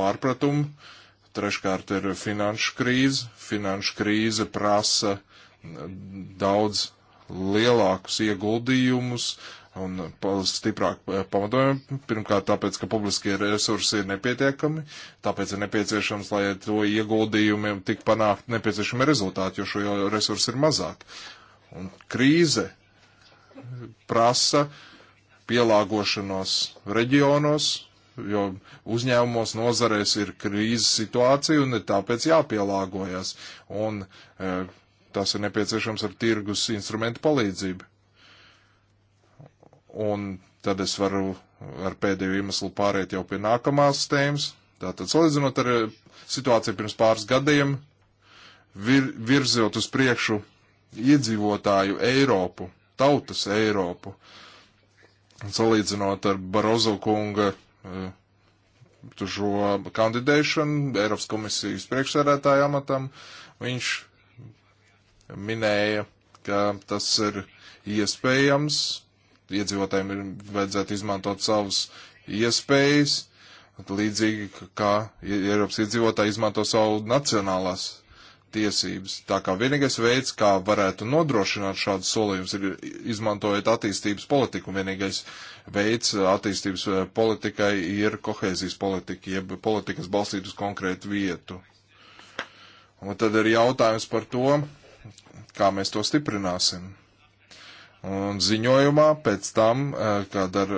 C: pārpratumi, treškārt ir finanšu krīze. Finanšu krīze prasa mm, daudz lielākus ieguldījumus un stiprāk eh, pamatojumi. Pirmkārt, tāpēc, ka publiskie resursi ir nepietiekami, tāpēc ir nepieciešams, lai to ieguldījumiem tik panākt nepieciešami rezultāti, jo šo resursu ir mazāk. Un krīze prasa pielāgošanos reģionos, jo uzņēmumos nozarēs ir krīzes situācija un ir tāpēc jāpielāgojas. Un e, tas ir nepieciešams ar tirgus instrumentu palīdzību. Un tad es varu ar pēdējo iemeslu pāriet jau pie nākamās tēmas. Tātad, salīdzinot ar eh, situāciju pirms pāris gadiem, vir, virzot uz priekšu iedzīvotāju Eiropu, tautas Eiropu, salīdzinot ar Barozo kunga eh, šo kandidēšanu Eiropas komisijas priekšsēdētāja amatam, viņš minēja, ka tas ir iespējams iedzīvotājiem ir vajadzētu izmantot savas iespējas, līdzīgi kā Eiropas iedzīvotāji izmanto savu nacionālās tiesības. Tā kā vienīgais veids, kā varētu nodrošināt šādus solījumus, ir izmantojot attīstības politiku. Vienīgais veids attīstības eh, politikai ir kohēzijas politika, jeb politikas balstīt uz konkrētu vietu. Un tad ir jautājums par to, kā mēs to stiprināsim. Un ziņojumā pēc tam, eh, kad ar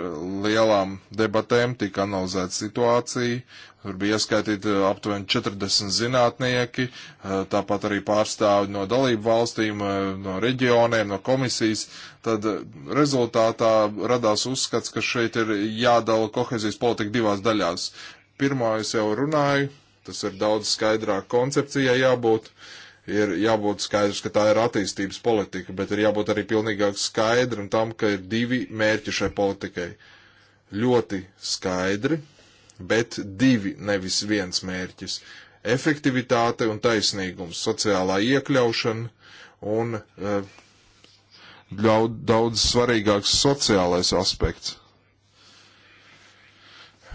C: lielām debatēm tika analizēta situācija, tur bija ieskaitīti eh, aptuveni 40 zinātnieki, eh, tāpat arī pārstāvi no dalību valstīm, no reģioniem, no komisijas, tad rezultātā radās uzskats, ka šeit ir jādala kohezijas politika divās daļās. Pirmā es jau runāju, tas ir daudz skaidrāk koncepcijai jābūt. Uh, ir jābūt skaidrs, ka tā ir attīstības politika, bet ir jābūt arī pilnīgāk skaidram tam, ka ir divi mērķi šai politikai. Ļoti skaidri, bet divi, nevis viens mērķis - efektivitāte un taisnīgums, sociālā iekļaušana un eh, ļaud, daudz svarīgāks sociālais aspekts.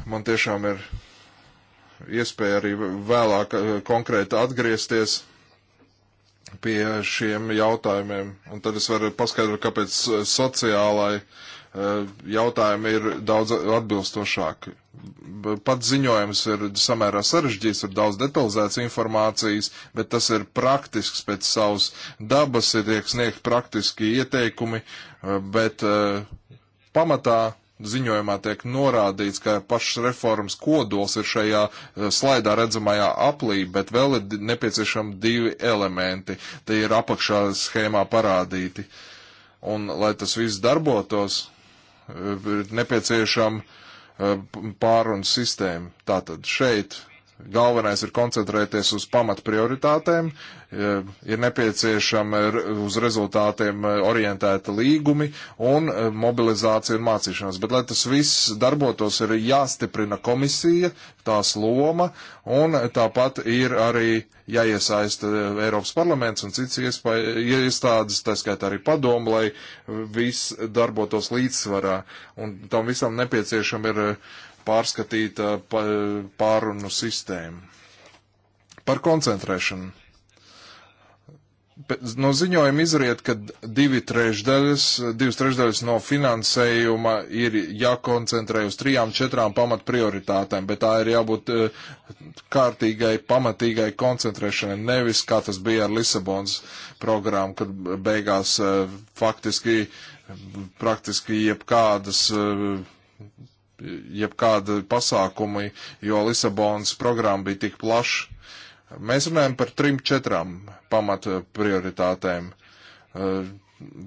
C: Man tiešām ir iespēja arī vēlāk eh, konkrēti atgriezties pie šiem jautājumiem. Un tad es varu paskaidrot, kāpēc eh, sociālai eh, jautājumi ir daudz atbilstošāki. Pats ziņojums ir samērā sarežģīts, ir daudz detalizēts informācijas, bet tas ir praktisks pēc savas dabas, ir tiek sniegt praktiski ieteikumi, eh, bet pamatā ziņojumā tiek norādīts, ka pašas reformas kodols ir šajā eh, slaidā redzamajā aplī, bet vēl ir nepieciešami divi elementi. Tie ir apakšā schēmā parādīti. Un, lai tas viss darbotos, eh, ir nepieciešama eh, pārunas sistēma. Tātad šeit Galvenais ir koncentrēties uz pamat prioritātēm, e, ir nepieciešama uz rezultātiem e, orientēta līgumi un e, mobilizācija un mācīšanās. Bet, lai tas viss darbotos, ir jāstiprina komisija, tās loma un tāpat ir arī jāiesaista Eiropas parlaments un cits iestādes, tā skaitā arī padomu, lai viss darbotos līdzsvarā. Un tam visam nepieciešama ir pārskatīta pārunu sistēma. Par koncentrēšanu. No ziņojuma izriet, ka divi trešdaļas, divas trešdaļas no finansējuma ir jākoncentrē uz trijām, četrām pamat prioritātēm, bet tā ir jābūt kārtīgai, pamatīgai koncentrēšanai, nevis kā tas bija ar Lisabons programmu, kad beigās faktiski praktiski jebkādas jebkāda pasākumi, jo Lisabonas programma bija tik plaša. Mēs runājam par trim, četrām pamata prioritātēm. Eh,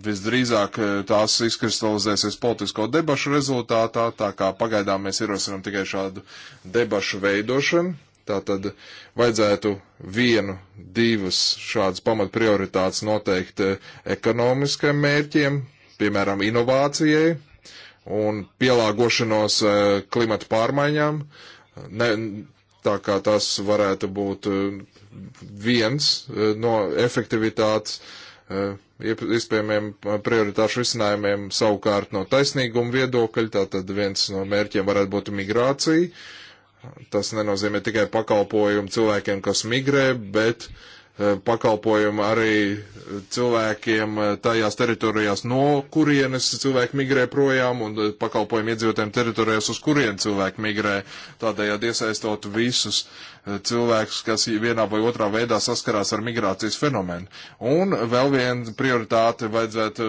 C: visdrīzāk eh, tās izkristalizēsies politisko debašu rezultātā, tā kā pagaidām mēs ierosinām tikai šādu debašu veidošanu. Tātad vajadzētu vienu, divas šādas pamat prioritātes noteikt eh, ekonomiskajiem mērķiem, piemēram, inovācijai, un pielāgošanos eh, klimata pārmaiņām. Ne, tā kā tas varētu būt eh, viens eh, no efektivitātes iespējamiem prioritāšu risinājumiem savukārt no taisnīguma viedokļa, tātad viens no mērķiem varētu būt migrācija. Tas nenozīmē tikai pakalpojumu cilvēkiem, kas migrē, bet uh, Eh, pakalpojumu arī eh, cilvēkiem eh, tajās teritorijās, no kurienes cilvēki migrē projām, un pakalpojumu iedzīvotājiem teritorijās, uz kurien cilvēki migrē. Tādējādi iesaistot visus cilvēkus, kas vienā vai otrā veidā saskarās ar migrācijas fenomenu. Un vēl viena prioritāte vajadzētu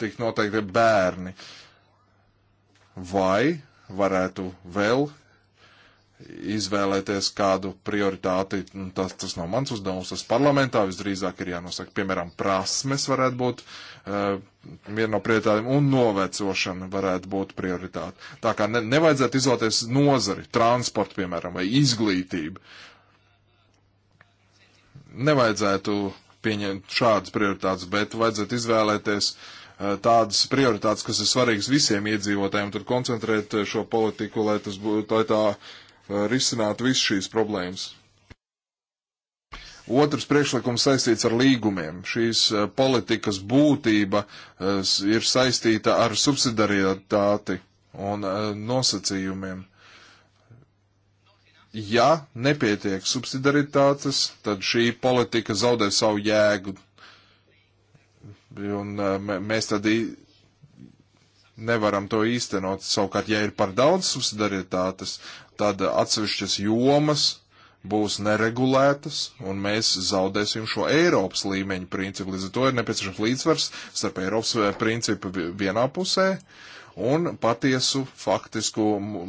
C: tikt noteikti bērni. Vai varētu vēl izvēlēties kādu prioritāti. Nu, tas, tas nav mans uzdevums, tas parlamentā visdrīzāk ir jānosaka, piemēram, prasmes varētu būt uh, viena no prioritātēm, un novecošana varētu būt prioritāte. Tā kā ne, nevajadzētu izvēlēties nozari, transportu, piemēram, vai izglītību. Nevajadzētu pieņemt šādas prioritātes, bet vajadzētu izvēlēties uh, tādas prioritātes, kas ir svarīgas visiem iedzīvotājiem, tur koncentrēt eh, šo politiku, lai, tas būtu, lai tā Uh, risināt visu šīs problēmas. Otrs priekšlikums saistīts ar līgumiem. Šīs uh, politikas būtība uh, ir saistīta ar subsidarietāti un nosacījumiem. Ja nepietiek subsidaritātes, tad šī politika zaudē savu jēgu. Un mēs tad nevaram to īstenot. Savukārt, ja ir par daudz subsidaritātes, tad atsevišķas jomas būs neregulētas, un mēs zaudēsim šo Eiropas līmeņu principu. Līdz ar to ir nepieciešams līdzsvars starp Eiropas eh, principu vienā pusē un patiesu faktisku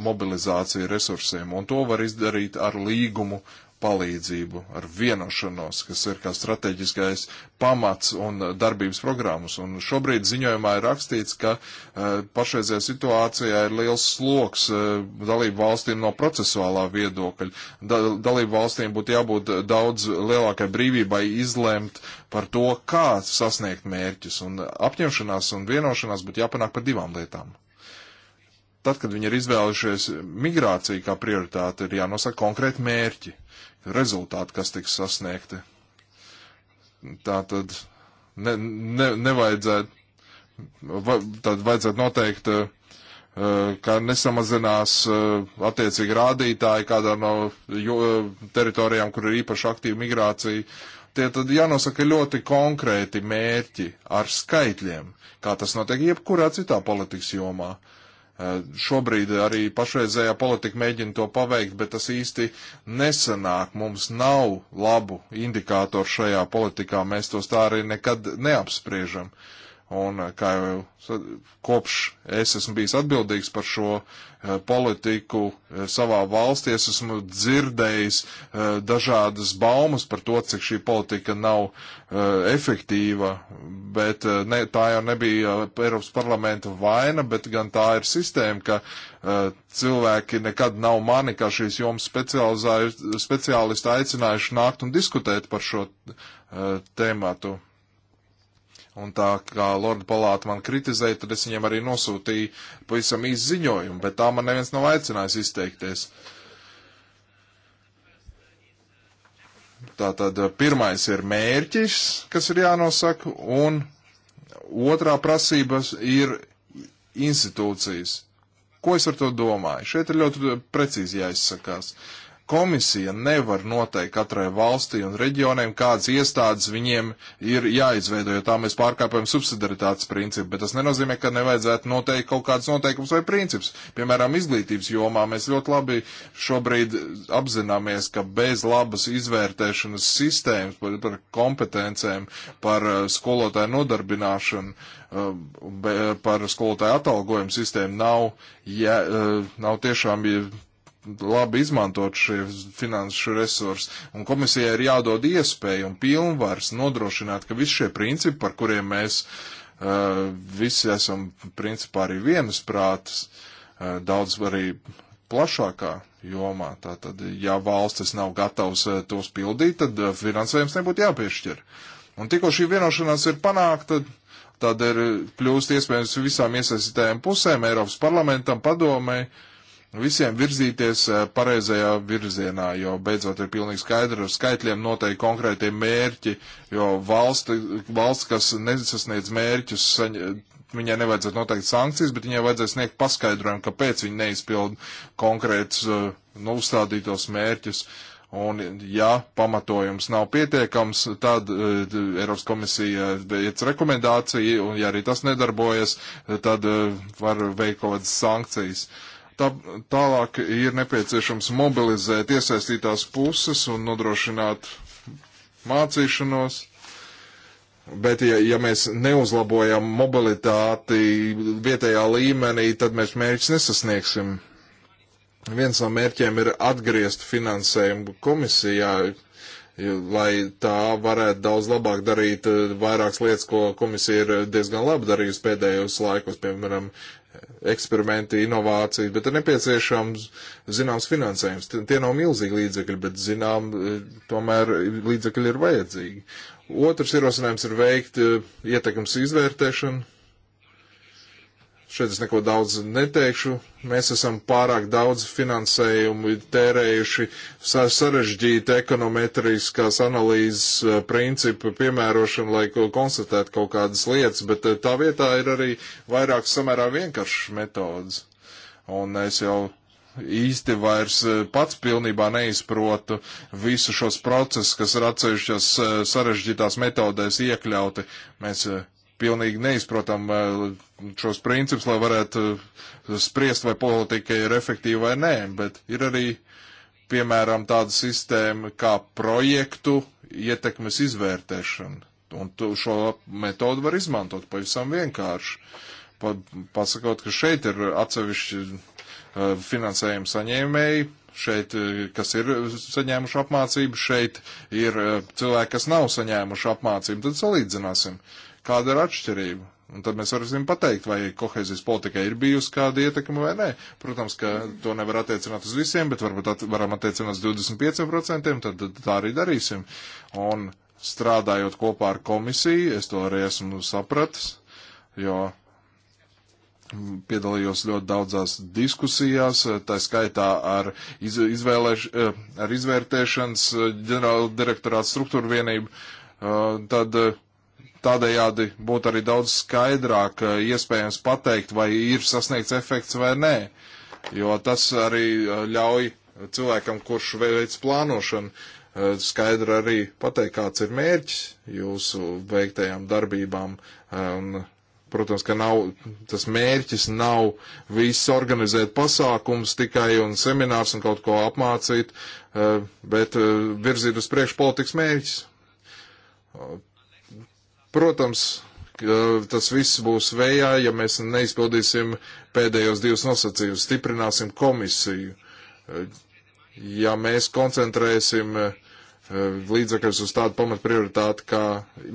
C: mobilizāciju resursiem, un to var izdarīt ar līgumu palīdzību, ar vienošanos, kas ir kā strateģiskais pamats un darbības programmas. Un šobrīd ziņojumā ir rakstīts, ka uh, pašreizajā situācijā ir liels sloks uh, dalību valstīm no procesuālā viedokļa. Da, dalību valstīm būtu jābūt daudz lielākai brīvībai izlemt par to, kā sasniegt mērķus. Un apņemšanās un vienošanās būtu jāpanāk par divām lietām tad, kad viņi ir izvēlušies migrāciju kā prioritāti, ir jānosaka konkrēti mērķi, rezultāti, kas tiks sasniegti. Tā tad ne, ne, nevajadzētu, va, tad vajadzētu noteikt, eh, ka nesamazinās eh, attiecīgi rādītāji kādā no eh, teritorijām, kur ir īpaši aktīva migrācija. Tie tad jānosaka ļoti konkrēti mērķi ar skaitļiem, kā tas notiek jebkurā citā politikas jomā. Uh, Eh, šobrīd arī pašreizējā politika mēģina to paveikt, bet tas īsti nesanāk. Mums nav labu indikātoru šajā politikā, mēs tos tā arī nekad neapspriežam. Uh, Un eh, kā jau kopš es esmu bijis atbildīgs par šo eh, politiku eh, savā valstī, es esmu dzirdējis dažādas baumas par to, cik šī politika nav efektīva, bet ne, tā jau nebija Eiropas parlamenta vaina, bet gan tā ir sistēma, ka cilvēki nekad nav mani, kā šīs jomas speciālisti aicinājuši nākt un diskutēt par šo tēmatu. Un tā kā Lorda palāta man kritizēja, tad es viņam arī nosūtīju pavisam īsu ziņojumu, bet tā man neviens nav aicinājis izteikties. Tātad eh, pirmais ir mērķis, kas ir jānosaka, un otrā prasības ir institūcijas. Ko es ar to domāju? Šeit ir ļoti precīzi jāizsakās. Uh, Komisija nevar noteikt katrai valstī un reģioniem, kādas iestādes viņiem ir jāizveido, jo tā mēs pārkāpjam subsidaritātes principu, bet tas nenozīmē, ka nevajadzētu noteikt kaut kāds noteikums vai princips. Piemēram, izglītības jomā mēs ļoti labi šobrīd apzināmies, ka bez labas izvērtēšanas sistēmas par, par kompetencēm, par eh, skolotāju nodarbināšanu, eh, par skolotāju atalgojumu sistēmu nav, ja, eh, nav tiešām labi izmantot šie finanšu resursi, un komisijai ir jādod iespēja un pilnvars nodrošināt, ka visi šie principi, par kuriem mēs uh, visi esam principā arī vienas prātas, uh, daudz arī plašākā jomā. Tātad, ja valstis nav gatavs uh, tos pildīt, tad uh, finansējums nebūtu jāpiešķir. Un tikko šī vienošanās ir panākta, tad ir kļūst iespējams visām iesaistītājiem pusēm, Eiropas parlamentam, padomēji, Nu, visiem virzīties eh, pareizajā virzienā, jo beidzot ir pilnīgi skaidri ar skaitļiem noteikti konkrētie mērķi, jo valsti, valsts, kas nesasniedz mērķus, viņai nevajadzētu noteikt sankcijas, bet viņai vajadzēs sniegt paskaidrojumu, kāpēc viņi neizpild konkrētus eh, nu, uzstādītos mērķus. Un, ja pamatojums nav pietiekams, tad uh, Eiropas komisija veic rekomendāciju, un, ja arī tas nedarbojas, tad uh, var veikt kaut kādas sankcijas. Uh, Tā, tālāk ir nepieciešams mobilizēt iesaistītās puses un nodrošināt mācīšanos. Bet, ja, ja mēs neuzlabojam mobilitāti vietējā līmenī, tad mēs mērķus nesasniegsim. Viens no mērķiem ir atgriezt finansējumu komisijā, lai tā varētu daudz labāk darīt eh, vairākas lietas, ko komisija ir diezgan labi darījusi pēdējos laikos, piemēram, eksperimenti, inovācijas, bet ir nepieciešams zināms finansējums. Tie nav milzīgi līdzekļi, bet zinām, e, tomēr līdzekļi ir vajadzīgi. Otrs ierosinājums ir veikt e, ietekmes izvērtēšanu Šeit es neko daudz neteikšu. Mēs esam pārāk daudz finansējumu tērējuši sarežģīta ekonometriskās analīzes eh, principu piemērošanu, lai konstatētu kaut kādas lietas, bet eh, tā vietā ir arī vairāk samērā vienkāršas metodas. Un es jau īsti vairs eh, pats pilnībā neizprotu visu šos procesus, kas ir atsevišķas sarežģītās metodēs iekļauti. Mēs pilnīgi neizprotam eh, šos principus, lai varētu eh, spriest, vai politika ir efektīva vai nē, bet ir arī, piemēram, tāda sistēma kā projektu ietekmes izvērtēšana. Un šo metodu var izmantot pavisam vienkārši. Pa, pasakot, ka šeit ir atsevišķi eh, finansējuma saņēmēji, šeit, kas ir saņēmuši apmācību, šeit ir cilvēki, kas nav saņēmuši apmācību, tad salīdzināsim. Uh, Kāda ir atšķirība? Un tad mēs varam pateikt, vai kohēzijas politikai ir bijusi kāda ietekme vai nē. Protams, ka to nevar attiecināt uz visiem, bet varbūt at varam attiecināt uz 25%, tad, tad tā arī darīsim. Un strādājot kopā ar komisiju, es to arī esmu sapratis, jo piedalījos ļoti daudzās diskusijās, tā skaitā ar, iz, izvēlēš, eh, ar izvērtēšanas eh, ģenerāla direktorāta struktūra vienību. Eh, tad Tādējādi būtu arī daudz skaidrāk eh, iespējams pateikt, vai ir sasniegts efekts vai nē, jo tas arī eh, ļauj cilvēkam, kurš veic plānošanu, eh, skaidri arī pateikt, kāds ir mērķis jūsu veiktajām darbībām. Un, protams, ka nav, tas mērķis nav viss organizēt pasākums tikai un seminārs un kaut ko apmācīt, bet virzīt uz priekšu politikas mērķis. Protams, uh, tas viss būs vējā, ja mēs neizpildīsim pēdējos divus nosacījumus, stiprināsim komisiju. Uh, ja mēs koncentrēsim uh, līdzekļus uz tādu pamatprioritāti kā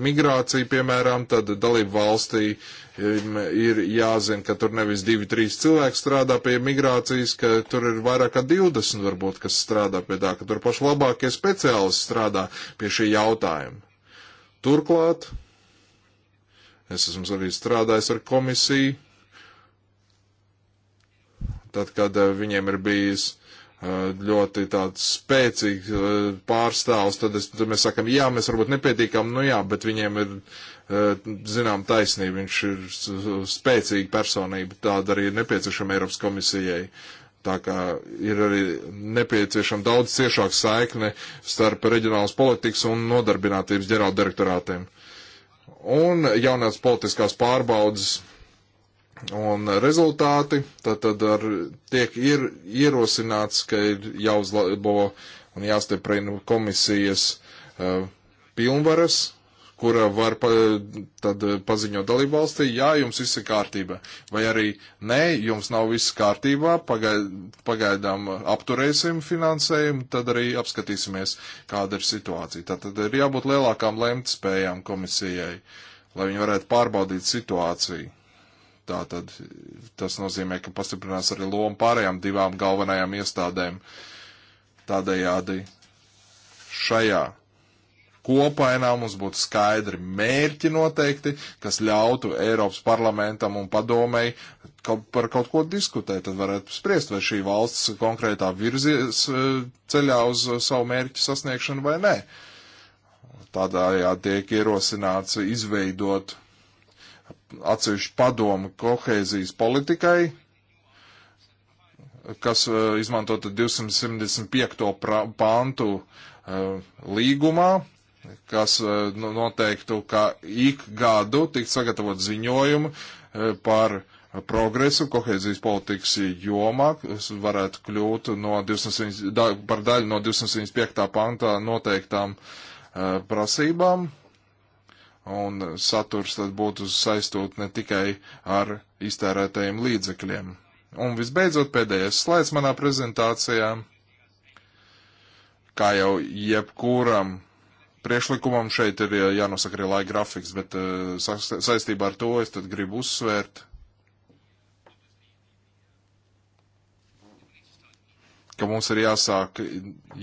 C: migrācija, piemēram, tad dalību valstī um, ir jāzina, ka tur nevis divi, trīs cilvēki strādā pie migrācijas, ka tur ir vairāk kā 20 varbūt, kas strādā pie tā, ka tur paši labākie speciālisti strādā pie šī jautājuma. Turklāt Es esmu arī strādājis ar komisiju. Tad, kad eh, viņiem ir bijis eh, ļoti tāds spēcīgs eh, pārstāvs, tad, es, tad mēs sakam, jā, mēs varbūt nepietīkam, nu jā, bet viņiem ir, zinām, taisnība, viņš ir spēcīga personība, tāda arī ir nepieciešama Eiropas komisijai. Tā kā ir arī nepieciešama daudz ciešāka saikne starp reģionālas politikas un nodarbinātības ģenerāla direktorātiem. Uh, un jaunās politiskās pārbaudas un rezultāti, tad, tad ar, tiek ir, ierosināts, ka ir jāuzlabo un jāstiprina komisijas uh, pilnvaras kura var pa, tad eh, paziņot dalību valstī, jā, jums viss ir kārtībā, vai arī nē, jums nav viss kārtībā, pagaidām eh, apturēsim finansējumu, tad arī apskatīsimies, kāda ir situācija. Tātad ir jābūt lielākām lemtspējām komisijai, lai viņi varētu pārbaudīt situāciju. Tātad tas nozīmē, ka pastiprinās arī loma pārējām divām galvenajām iestādēm tādējādi šajā kopainā, mums būtu skaidri mērķi noteikti, kas ļautu Eiropas parlamentam un padomēji kaut, par kaut ko diskutēt, tad varētu spriest, vai šī valsts konkrētā virzies eh, ceļā uz eh, savu mērķu sasniegšanu vai nē. Tādējādi tiek ierosināts izveidot atsevišķu padomu kohēzijas politikai, kas eh, izmanto 275. pantu līgumā, kas eh, nu, noteiktu, ka ik gadu tikt sagatavot ziņojumu eh, par progresu kohēzijas politikas jomā, kas varētu kļūt no 200, da, par daļu no 275. pantā noteiktām uh, prasībām. Un saturs tad būtu saistot ne tikai ar iztērētajiem līdzekļiem. Un visbeidzot pēdējais slaids manā prezentācijā, kā jau jebkuram priešlikumam šeit ir jānosaka arī laika grafiks, bet eh, sa saistībā ar to es tad gribu uzsvērt, ka mums ir jāsāk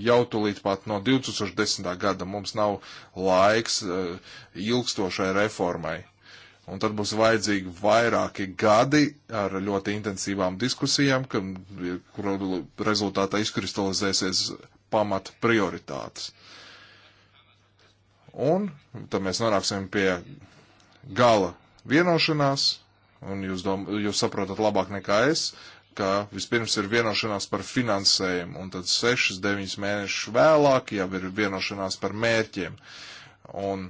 C: jau tūlīt pat no 2010. gada. Mums nav laiks eh, ilgstošai reformai. Un tad būs vajadzīgi vairāki gadi ar ļoti intensīvām diskusijām, kam, kuru rezultātā izkristalizēsies pamat prioritātes. Un tad mēs nonāksim pie gala vienošanās, un jūs, dom, jūs saprotat labāk nekā es, ka vispirms ir vienošanās par finansējumu, un tad 6-9 mēnešus vēlāk jau ir vienošanās par mērķiem. Un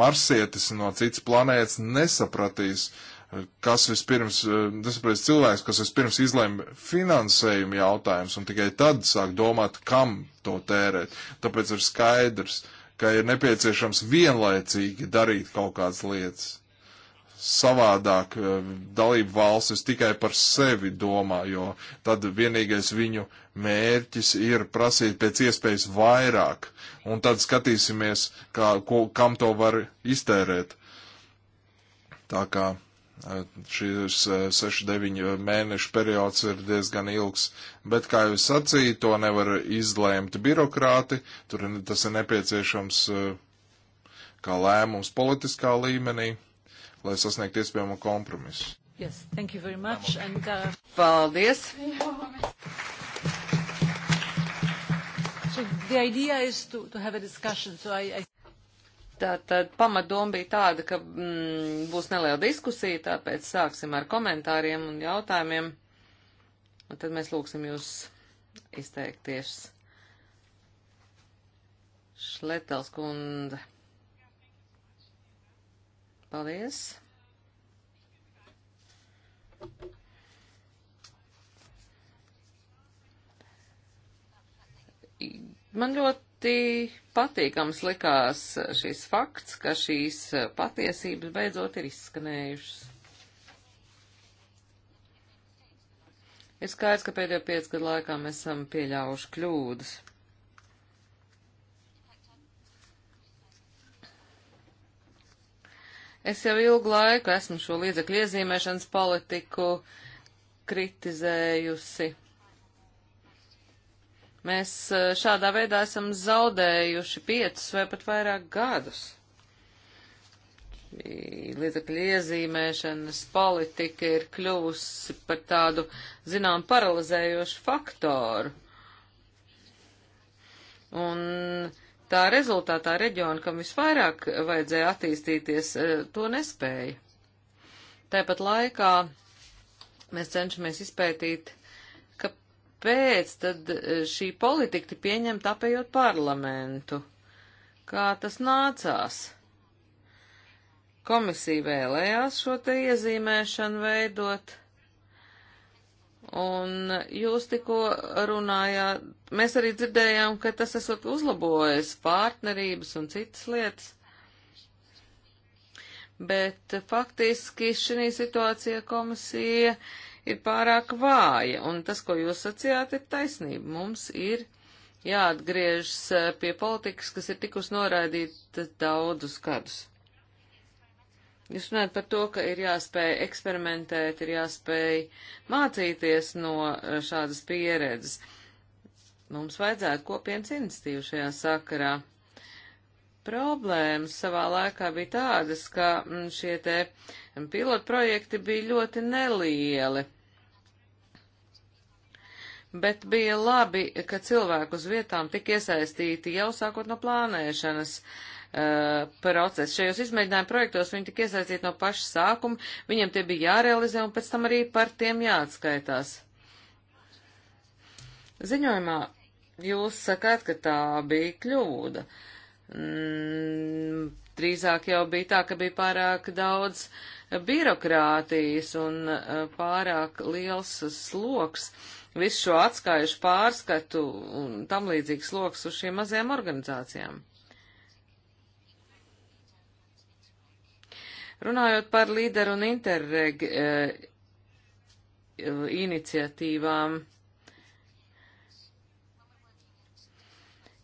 C: marsietis no citas planētas nesapratīs, kas vispirms, nesapratīs cilvēks, kas vispirms izlēma finansējumu jautājums, un tikai tad sāk domāt, kam to tērēt. Tāpēc ir skaidrs, uh, ka ir nepieciešams vienlaicīgi darīt kaut kādas lietas. Savādāk eh, dalību valstis tikai par sevi domā, jo tad vienīgais viņu mērķis ir prasīt pēc iespējas vairāk, un tad skatīsimies, kā, ko, kam to var iztērēt. Tā kā Šis 6-9 eh, eh, mēnešu periods ir diezgan ilgs, bet, kā jau sacīju, to nevar izlēmt birokrāti, tur tas ir nepieciešams eh, kā lēmums politiskā līmenī, lai sasniegtu iespējamo kompromisu.
A: Yes, thank you very much. And, uh... Paldies! So the idea is to, to have a discussion. So I, I... Tātad pamatdoma bija tāda, ka mm, būs neliela diskusija, tāpēc sāksim ar komentāriem un jautājumiem, un tad mēs lūksim jūs izteikties. Šletels kundze. Paldies. Man ļoti ļoti patīkams likās šis fakts, ka šīs patiesības beidzot ir izskanējušas. Ir skaidrs, ka pēdējo piecu gadu laikā mēs esam pieļāvuši kļūdas. Es jau ilgu laiku esmu šo līdzekļu iezīmēšanas politiku kritizējusi Mēs e, šādā veidā esam zaudējuši piecus vai pat vairāk gadus. Līdzekļu iezīmēšanas politika ir kļuvusi par tādu, zinām, paralizējošu faktoru. Un tā rezultātā reģiona, kam visvairāk vajadzēja attīstīties, e, to nespēja. Tāpat laikā mēs cenšamies izpētīt kāpēc tad e, šī politika tika pieņemta apējot parlamentu? Kā tas nācās? Komisija vēlējās šo te iezīmēšanu veidot. Un jūs tikko runājāt, mēs arī dzirdējām, ka tas esat uzlabojis partnerības un citas lietas. Bet faktiski šī situācija komisija uh, ir pārāk vāja, un tas, ko jūs sacījāt, ir taisnība. Mums ir jāatgriežas e, pie politikas, kas ir tikus noraidīta daudzus gadus. Jūs runājat par to, ka ir jāspēj eksperimentēt, ir jāspēj mācīties no e, šādas pieredzes. Mums vajadzētu kopienas inicitīvu šajā sakarā. Problēmas savā laikā bija tādas, ka mm, šie te uh, Pilotprojekti bija ļoti nelieli, bet bija labi, ka cilvēku uz vietām tika iesaistīti jau sākot no plānēšanas uh, procesa. Šajos izmēģinājumu projektos viņi tika iesaistīti no paša sākuma, viņiem tie bija jārealizē un pēc tam arī par tiem jāatskaitās. Ziņojumā jūs sakāt, ka tā bija kļūda. Mm, drīzāk jau bija tā, ka bija pārāk daudz birokrātijas un eh, pārāk liels sloks, visu šo atskaišu pārskatu un tam līdzīgs sloks uz šīm mazajām organizācijām. Runājot par līderu un interreg e, iniciatīvām,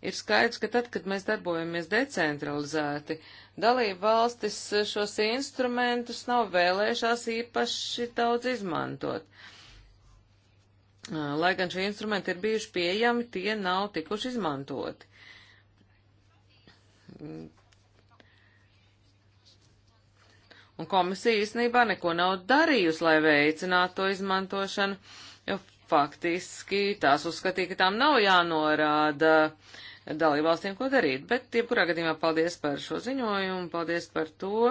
A: Ir skaidrs, ka tad, kad mēs darbojamies decentralizēti, dalību valstis šos instrumentus nav vēlējušās īpaši daudz izmantot. Lai gan šie instrumenti ir bijuši pieejami, tie nav tikuši izmantoti. Un komisija īstenībā neko nav darījusi, lai veicinātu to izmantošanu, jo faktiski tās uzskatīja, ka tām nav jānorāda uh, dalībvalstīm, ko darīt. Bet, jebkurā gadījumā, paldies par šo ziņojumu, paldies par to,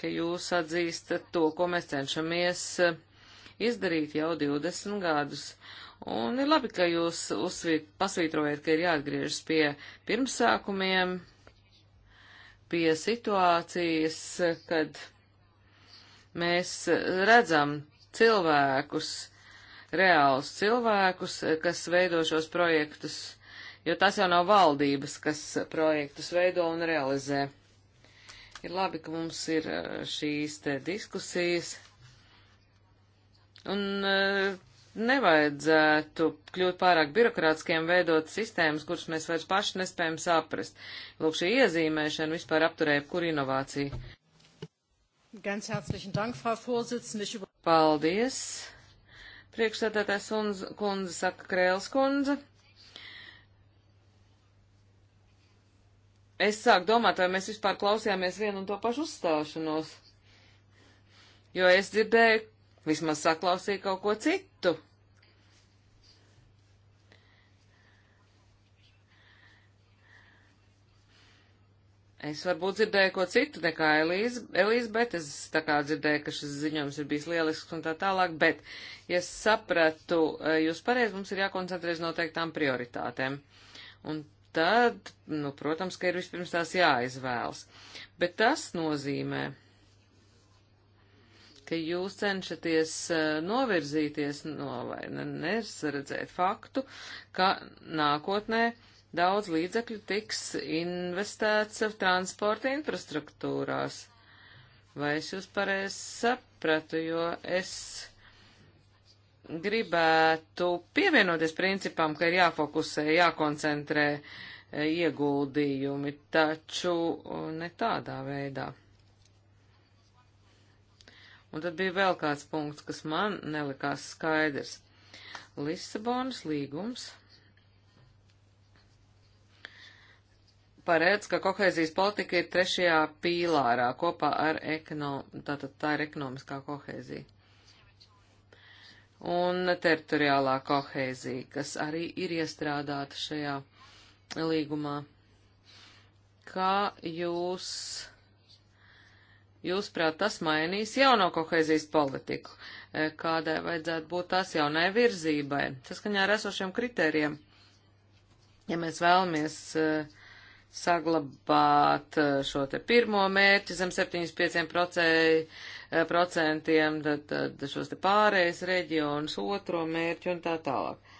A: ka jūs atzīstat to, ko mēs cenšamies eh, izdarīt jau 20 gadus. Un ir labi, ka jūs uzsvīt, pasvītrojat, ka ir jāatgriežas pie pirmsākumiem, pie situācijas, kad mēs redzam cilvēkus, reālus cilvēkus, eh, kas veido šos projektus jo tas jau nav valdības, kas projektus veido un realizē. Ir labi, ka mums ir eh, šīs te diskusijas, un eh, nevajadzētu kļūt pārāk birokrātiskiem, veidot sistēmas, kuras mēs vairs paši nespējam saprast. Lūk, šī iezīmēšana vispār apturēja kur inovāciju. Ganz herzlichen Dank, Frau Vorsitzende. Paldies. Priekšsēdētājs kundze saka Krēls kundze. es sāku domāt, vai mēs vispār klausījāmies vienu un to pašu uzstāšanos. Jo es dzirdēju, vismaz saklausīju kaut ko citu. Es varbūt dzirdēju ko citu nekā Elīze, Elīze, bet es tā kā dzirdēju, ka šis ziņojums ir bijis lielisks un tā tālāk, bet, ja sapratu eh, jūs pareizi, mums ir jākoncentrēties noteiktām prioritātēm. Un tad, nu, protams, ka ir vispirms tās jāizvēlas. Bet tas nozīmē, ka jūs cenšaties eh, novirzīties no vai nesaredzēt faktu, ka nākotnē daudz līdzekļu tiks investēts transporta infrastruktūrās. Vai es jūs pareizi sapratu, jo es gribētu pievienoties principam, ka ir jāfokusē, jākoncentrē e, ieguldījumi, taču e, ne tādā veidā. Un tad bija vēl kāds punkts, kas man nelikās skaidrs. Lisabonas līgums paredz, ka kohēzijas politika ir trešajā pīlārā kopā ar ekonom... Tātad tā ir ekonomiskā kohēzija un teritoriālā kohēzija, kas arī ir iestrādāta šajā līgumā. Kā jūs, jūs prāt, tas mainīs jauno kohēzijas politiku? E, kādai vajadzētu būt tās jaunai virzībai? Saskaņā ar esošiem kritērijiem, ja mēs vēlamies uh, saglabāt e, šo te pirmo mērķi zem 75% procentiem, tad, tad šos te pārējais reģionus, otro mērķu un tā tālāk.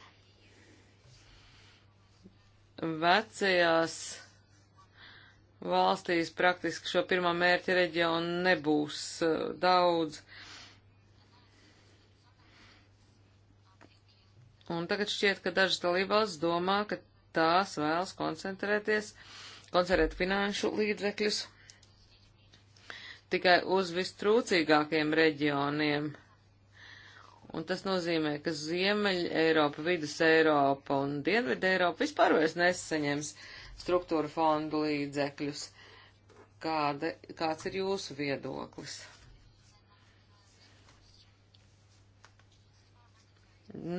A: Vecajās valstīs praktiski šo pirmā mērķa reģionu nebūs uh, daudz. Un tagad šķiet, ka dažas dalībvalsts domā, ka tās vēlas koncentrēties, koncentrēt finanšu līdzekļus tikai uz vistrūcīgākiem reģioniem. Un tas nozīmē, ka Ziemeļa Eiropa, Vidus Eiropa un Dienvidu Eiropa vispār vairs nesaņems struktūra fondu līdzekļus. Kāda, kāds ir jūsu viedoklis?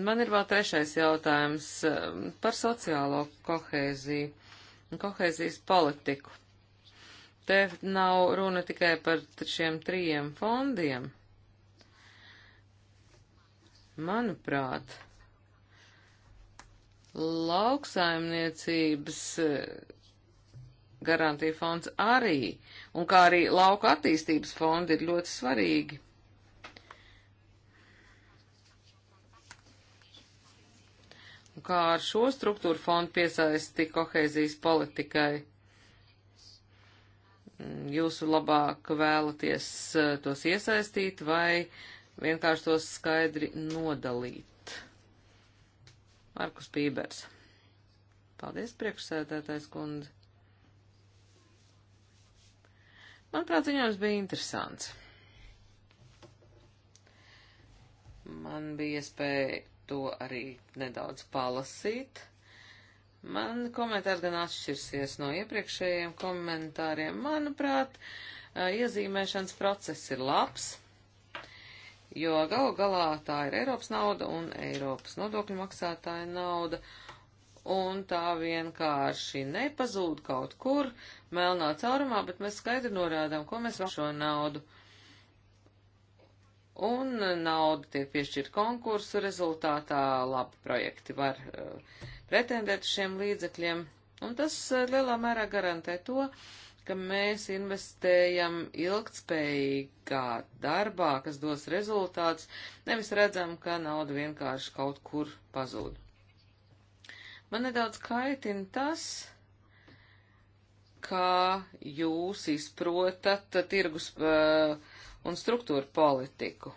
A: Man ir vēl trešais jautājums um, par sociālo kohēziju un kohēzijas politiku. Te nav runa tikai par šiem trījiem fondiem. Manuprāt, lauksaimniecības eh, garantija fonds arī, un kā arī lauka attīstības fondi ir ļoti svarīgi. Un kā ar šo struktūru fondu piesaisti kohēzijas politikai? jūsu labāk vēlaties eh, tos iesaistīt vai vienkārši tos skaidri nodalīt? Markus Pībers. Paldies, priekšsēdētājs kundze. Manuprāt, ziņojums bija interesants. Man bija iespēja to arī nedaudz palasīt. Man komentārs gan atšķirsies no iepriekšējiem komentāriem. Manuprāt, iezīmēšanas process ir labs, jo galu galā tā ir Eiropas nauda un Eiropas nodokļu maksātāja nauda, un tā vienkārši nepazūd kaut kur melnā caurumā, bet mēs skaidri norādām, ko mēs varam šo naudu. Un nauda tiek piešķirta konkursu rezultātā, labi projekti var uh, pretendēt šiem līdzekļiem, un tas eh, lielā mērā garantē to, ka mēs investējam ilgtspējīgā darbā, kas dos rezultāts, nevis redzam, ka nauda vienkārši kaut kur pazūd. Man nedaudz kaitina tas, kā jūs izprotat tirgus uh, un struktūra politiku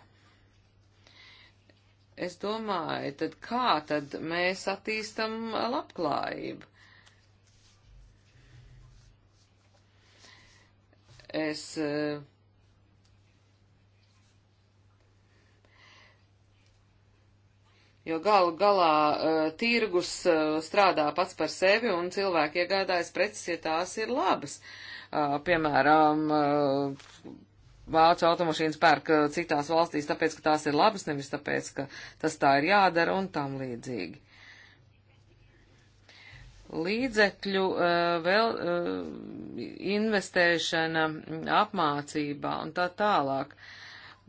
A: es domāju, tad kā tad mēs attīstam labklājību? Es eh, Jo galu galā uh, tirgus uh, strādā pats par sevi un cilvēki iegādājas preces, ja tās ir labas. Uh, piemēram, uh, vācu automašīnas pērk uh, citās valstīs, tāpēc, ka tās ir labas, nevis tāpēc, ka tas tā ir jādara un tam līdzīgi. Līdzekļu uh, vēl uh, investēšana mm, apmācībā un tā tālāk,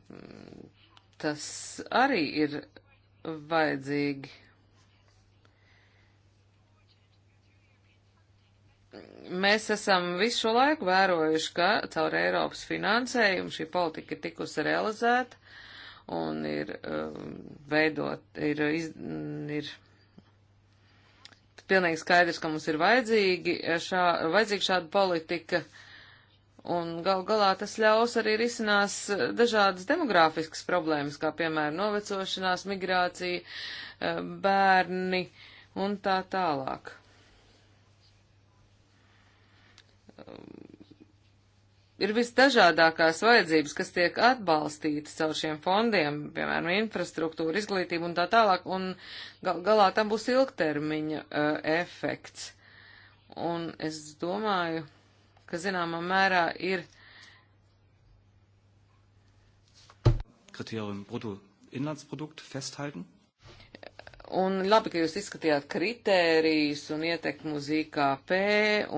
A: mm, tas arī ir vajadzīgi. mēs esam visu šo laiku vērojuši, ka caur Eiropas finansējumu šī politika ir tikusi realizēta un ir um, veidot, ir, iz, mm, ir pilnīgi skaidrs, ka mums ir vajadzīgi eh, šā, vajadzīga šāda politika. Un gal galā tas ļaus arī risinās eh, dažādas demogrāfiskas problēmas, kā piemēram novecošanās, migrācija, eh, bērni un tā tālāk. Um, ir visdažādākās vajadzības, kas tiek atbalstītas caur šiem fondiem, piemēram, infrastruktūra, izglītība un tā tālāk, un gal galā tam būs ilgtermiņa uh, efekts. Un es domāju, ka zināmā mērā ir.
C: Kriterien brutto Inlandsprodukt festhalten?
A: Un labi, ka jūs izskatījāt kritērijus un ietekmu uz IKP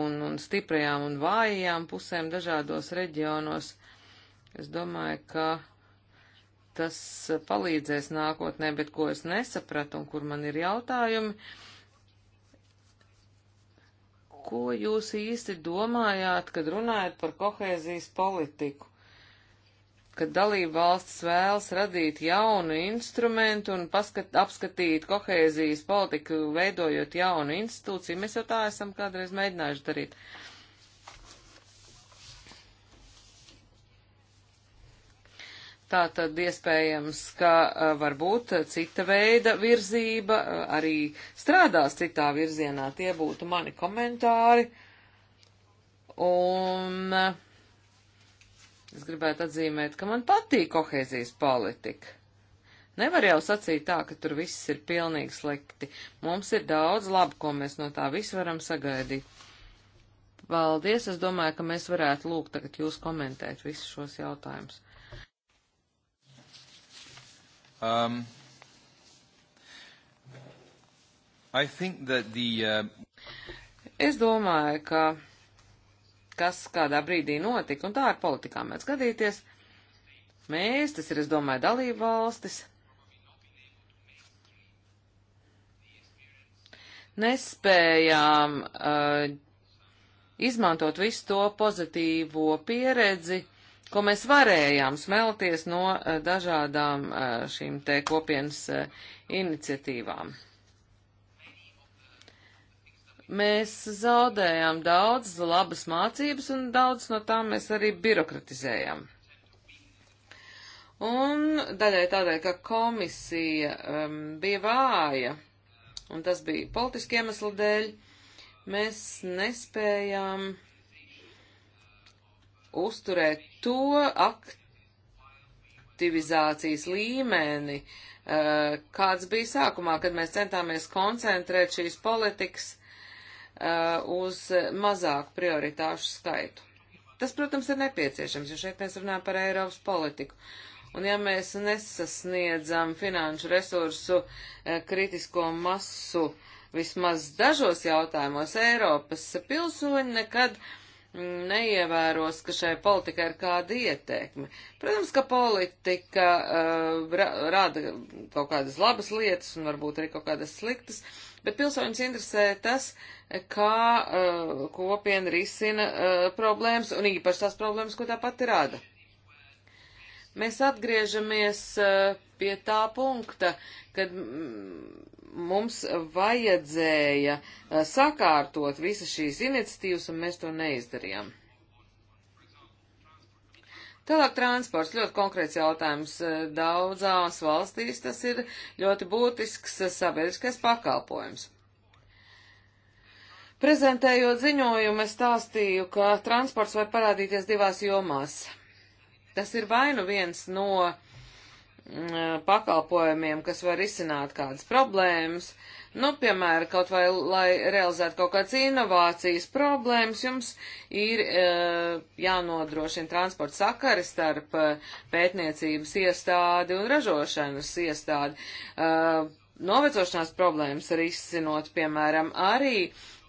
A: un, un stiprajām un vājajām pusēm dažādos reģionos. Es domāju, ka tas palīdzēs nākotnē, bet ko es nesapratu un kur man ir jautājumi, ko jūs īsti domājāt, kad runājat par kohēzijas politiku? ka dalība valsts vēlas radīt jaunu instrumentu un paskat, apskatīt kohēzijas politiku, veidojot jaunu institūciju. Mēs jau tā esam kādreiz mēģinājuši darīt. Tā tad iespējams, ka varbūt cita veida virzība arī strādās citā virzienā. Tie būtu mani komentāri. Un uh, Es gribētu atzīmēt, ka man patīk kohēzijas politika. Nevar jau sacīt tā, ka tur viss ir pilnīgi slikti. Mums ir daudz labu, ko mēs no tā visu varam sagaidīt. Paldies, es domāju, ka mēs varētu lūgt tagad jūs komentēt visus šos jautājumus.
C: Um, I think
A: that the, uh... Es domāju, ka kas kādā brīdī notika, un tā ar politikām mēdz gadīties. Mēs, tas ir, es domāju, dalība valstis, nespējām uh, izmantot visu to pozitīvo pieredzi, ko mēs varējām smelties no uh, dažādām uh, šīm te kopienas uh, iniciatīvām mēs zaudējām daudz labas mācības un daudz no tām mēs arī birokratizējām. Un daļai tādēļ, ka komisija um, bija vāja, un tas bija politiski iemesli dēļ, mēs nespējām uzturēt to aktivizācijas līmeni, uh, kāds bija sākumā, kad mēs centāmies koncentrēt šīs politikas Uh, uz mazāku prioritāšu skaitu. Tas, protams, ir nepieciešams, jo šeit mēs runājam par Eiropas politiku. Un ja mēs nesasniedzam finanšu resursu uh, kritisko masu vismaz dažos jautājumos, Eiropas pilsoņi nekad mm, neievēros, ka šai politikai ir kāda ietekme. Protams, ka politika uh, rāda kaut kādas labas lietas un varbūt arī kaut kādas sliktas, uh, bet pilsoņus interesē tas, kā uh, kopiena risina uh, problēmas un īpaši tās problēmas, ko tā pati rada. Mēs atgriežamies uh, pie tā punkta, kad mm, mums vajadzēja sakārtot visas šīs iniciatīvas, un mēs to neizdarījām. Tālāk transports, ļoti konkrēts jautājums. Eh, Daudzās valstīs tas ir ļoti būtisks eh, sabiedriskais pakalpojums. Prezentējot ziņojumu, es stāstīju, ka transports var parādīties divās jomās. Tas ir vainu viens no mm, eh, pakalpojumiem, kas var izsināt kādas problēmas, uh, Nu, piemēram, kaut vai, lai realizētu kaut kādas inovācijas problēmas, jums ir e, jānodrošina transporta sakari starp eh, pētniecības iestādi un ražošanas iestādi. E, novecošanās problēmas arī izsinot, piemēram, arī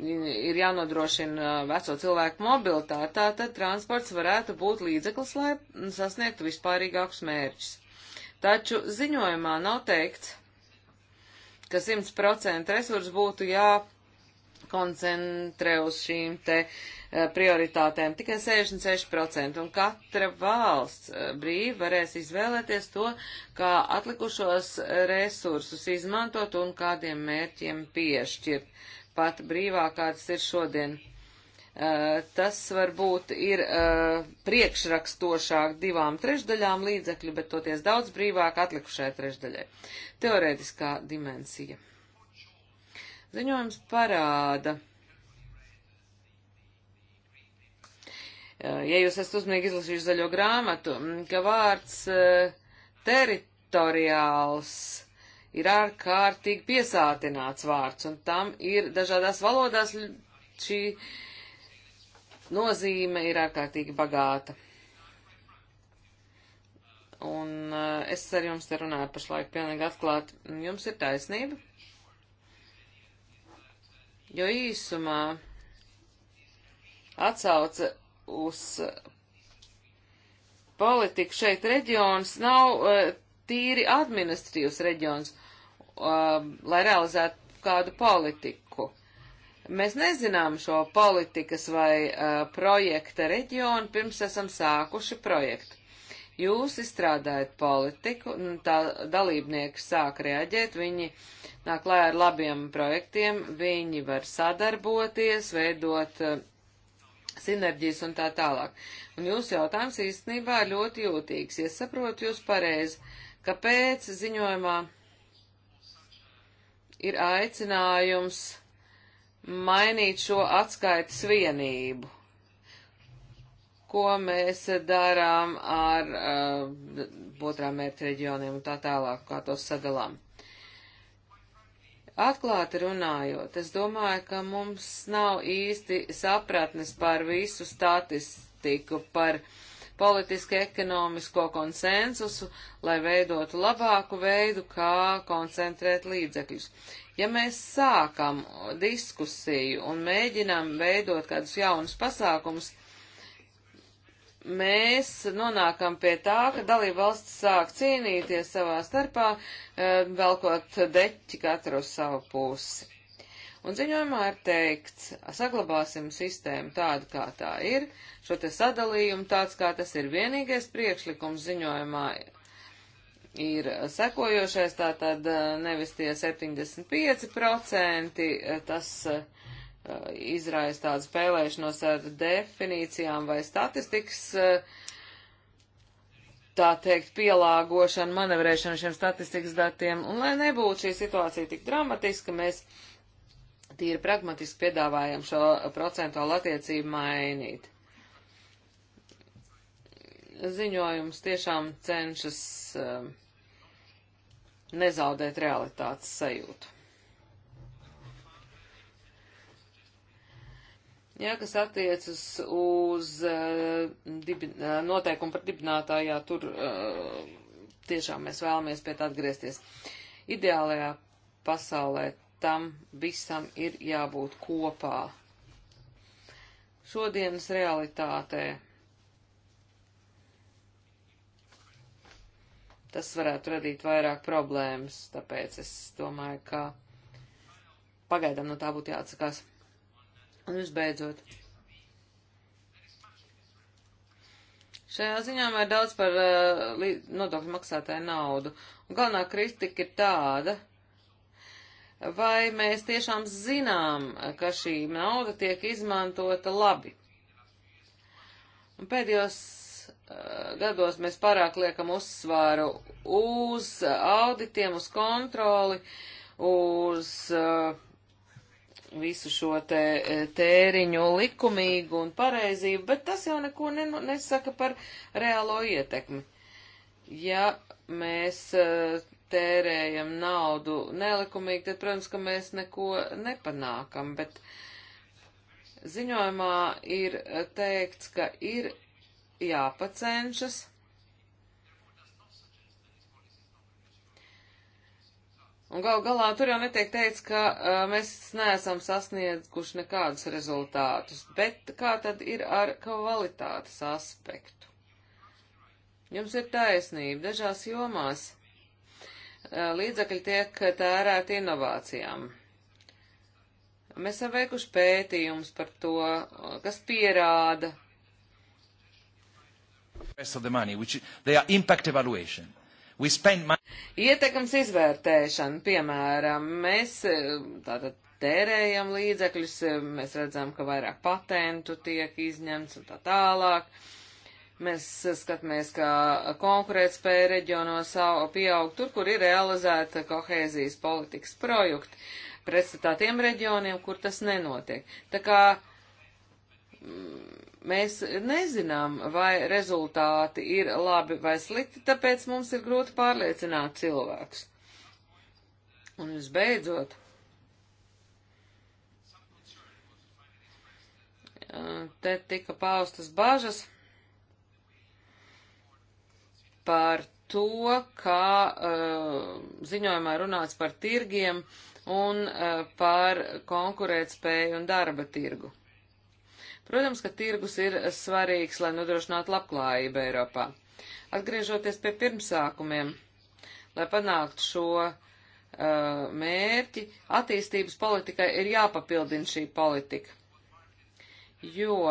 A: ir jānodrošina veco cilvēku mobilitāte, tātad transports varētu būt līdzeklis, lai sasniegtu vispārīgākus mērķus. Taču ziņojumā nav teikts, ka 100% resursu būtu jākoncentrē uz šīm te eh, prioritātēm tikai 66%, un katra valsts eh, brīvi varēs izvēlēties to, kā atlikušos eh, resursus izmantot un kādiem mērķiem piešķirt, pat brīvāk kāds ir šodien. Eh, tas varbūt ir eh, priekšrakstošāk divām trešdaļām līdzekļu, bet toties daudz brīvāk atlikušai trešdaļai. Teorētiskā dimensija. Ziņojums parāda. Eh, ja jūs esat uzmanīgi izlasījuši zaļo grāmatu, ka vārds teritoriāls ir ārkārtīgi piesātināts vārds, un tam ir dažādās valodās šī nozīme ir ārkārtīgi bagāta. Un eh, es ar jums te runāju pašlaik pilnīgi atklāti. Jums ir taisnība. Jo īsumā atsauce uz politiku šeit reģions nav eh, tīri administratīvs reģions, eh, lai realizētu kādu politiku. Mēs nezinām šo politikas vai uh, projekta reģionu pirms esam sākuši projektu. Jūs izstrādājat politiku, tā dalībnieki sāk reaģēt, viņi nāk klājā ar labiem projektiem, viņi var sadarboties, veidot uh, sinerģijas un tā tālāk. Un jūsu jautājums īstenībā ir ļoti jūtīgs. Es saprotu jūs pareizi, kāpēc ziņojumā ir aicinājums mainīt šo atskaites vienību, ko mēs darām ar uh, otrām mērķa reģioniem un tā tālāk, kā tos sadalām. Atklāti runājot, es domāju, ka mums nav īsti sapratnes par visu statistiku, par uh, politiski ekonomisko konsensusu, lai veidotu labāku veidu, kā koncentrēt līdzekļus. Ja mēs sākam diskusiju un mēģinām veidot kādus jaunus pasākumus, mēs nonākam pie tā, ka dalība valsts sāk cīnīties savā starpā, eh, velkot deķi katru uz savu pusi. Un ziņojumā ir teikts, saglabāsim sistēmu tādu, kā tā ir, šo te sadalījumu tāds, kā tas ir. Vienīgais priekšlikums ziņojumā ir sekojošais, tātad eh, nevis tie 75%, eh, tas eh, izraisa tādu spēlēšanos ar definīcijām vai statistikas tā teikt, pielāgošana, manevrēšana šiem statistikas datiem, un lai nebūtu šī situācija tik dramatiska, mēs tīri pragmatiski piedāvājam šo procentuālu attiecību mainīt. Ziņojums tiešām cenšas uh, nezaudēt realitātes sajūtu. Jā, kas attiecas uz uh, dibi, uh, noteikumu par dibinātājā, tur uh, tiešām mēs vēlamies pie tā atgriezties. Ideālajā pasaulē tam visam ir jābūt kopā. Šodienas realitātē tas varētu radīt vairāk problēmas, tāpēc es domāju, ka pagaidām no tā būtu jāatsakās. Un visbeidzot. Šajā ziņā ir daudz par uh, nodokļu maksātāju naudu. Un galvenā kritika ir tāda, uh, vai mēs tiešām zinām, ka šī nauda tiek izmantota labi. Un pēdējos uh, gados mēs pārāk liekam uzsvaru uz auditiem, uz kontroli, uz uh, visu šo te eh, tēriņu likumīgu un pareizību, bet tas jau neko nesaka par reālo ietekmi. Ja mēs uh, tērējam naudu nelikumīgi, tad, protams, ka mēs neko nepanākam, bet ziņojumā ir teikts, ka ir jāpacenšas. Un gal galā tur jau netiek teikt, ka uh, mēs neesam sasnieguši nekādus rezultātus, bet kā tad ir ar kvalitātes aspektu? Jums ir taisnība dažās jomās Eh, līdzekļi tiek tērēti inovācijām. Mēs esam veikuši pētījumus par to, eh, kas pierāda. Ietekmes izvērtēšana, piemēram, mēs eh, tātad tērējam līdzekļus, mēs redzam, ka vairāk patentu tiek izņemts un tā tālāk. Uh, Mēs skatāmies, ka konkurētspēja reģionos pieaug tur, kur ir realizēta kohēzijas politikas projekta, pretstatā tiem reģioniem, kur tas nenotiek. Tā kā mm, mēs nezinām, vai rezultāti ir labi vai slikti, tāpēc mums ir grūti pārliecināt cilvēkus. Un visbeidzot, te tika paustas bažas par to, kā uh, ziņojumā runāts par tirgiem un uh, par konkurētspēju un darba tirgu. Protams, ka tirgus ir svarīgs, lai nodrošinātu labklājību Eiropā. Atgriežoties pie pirmsākumiem, lai panāktu šo uh, mērķi, attīstības politikai ir jāpapildina šī politika. Jo,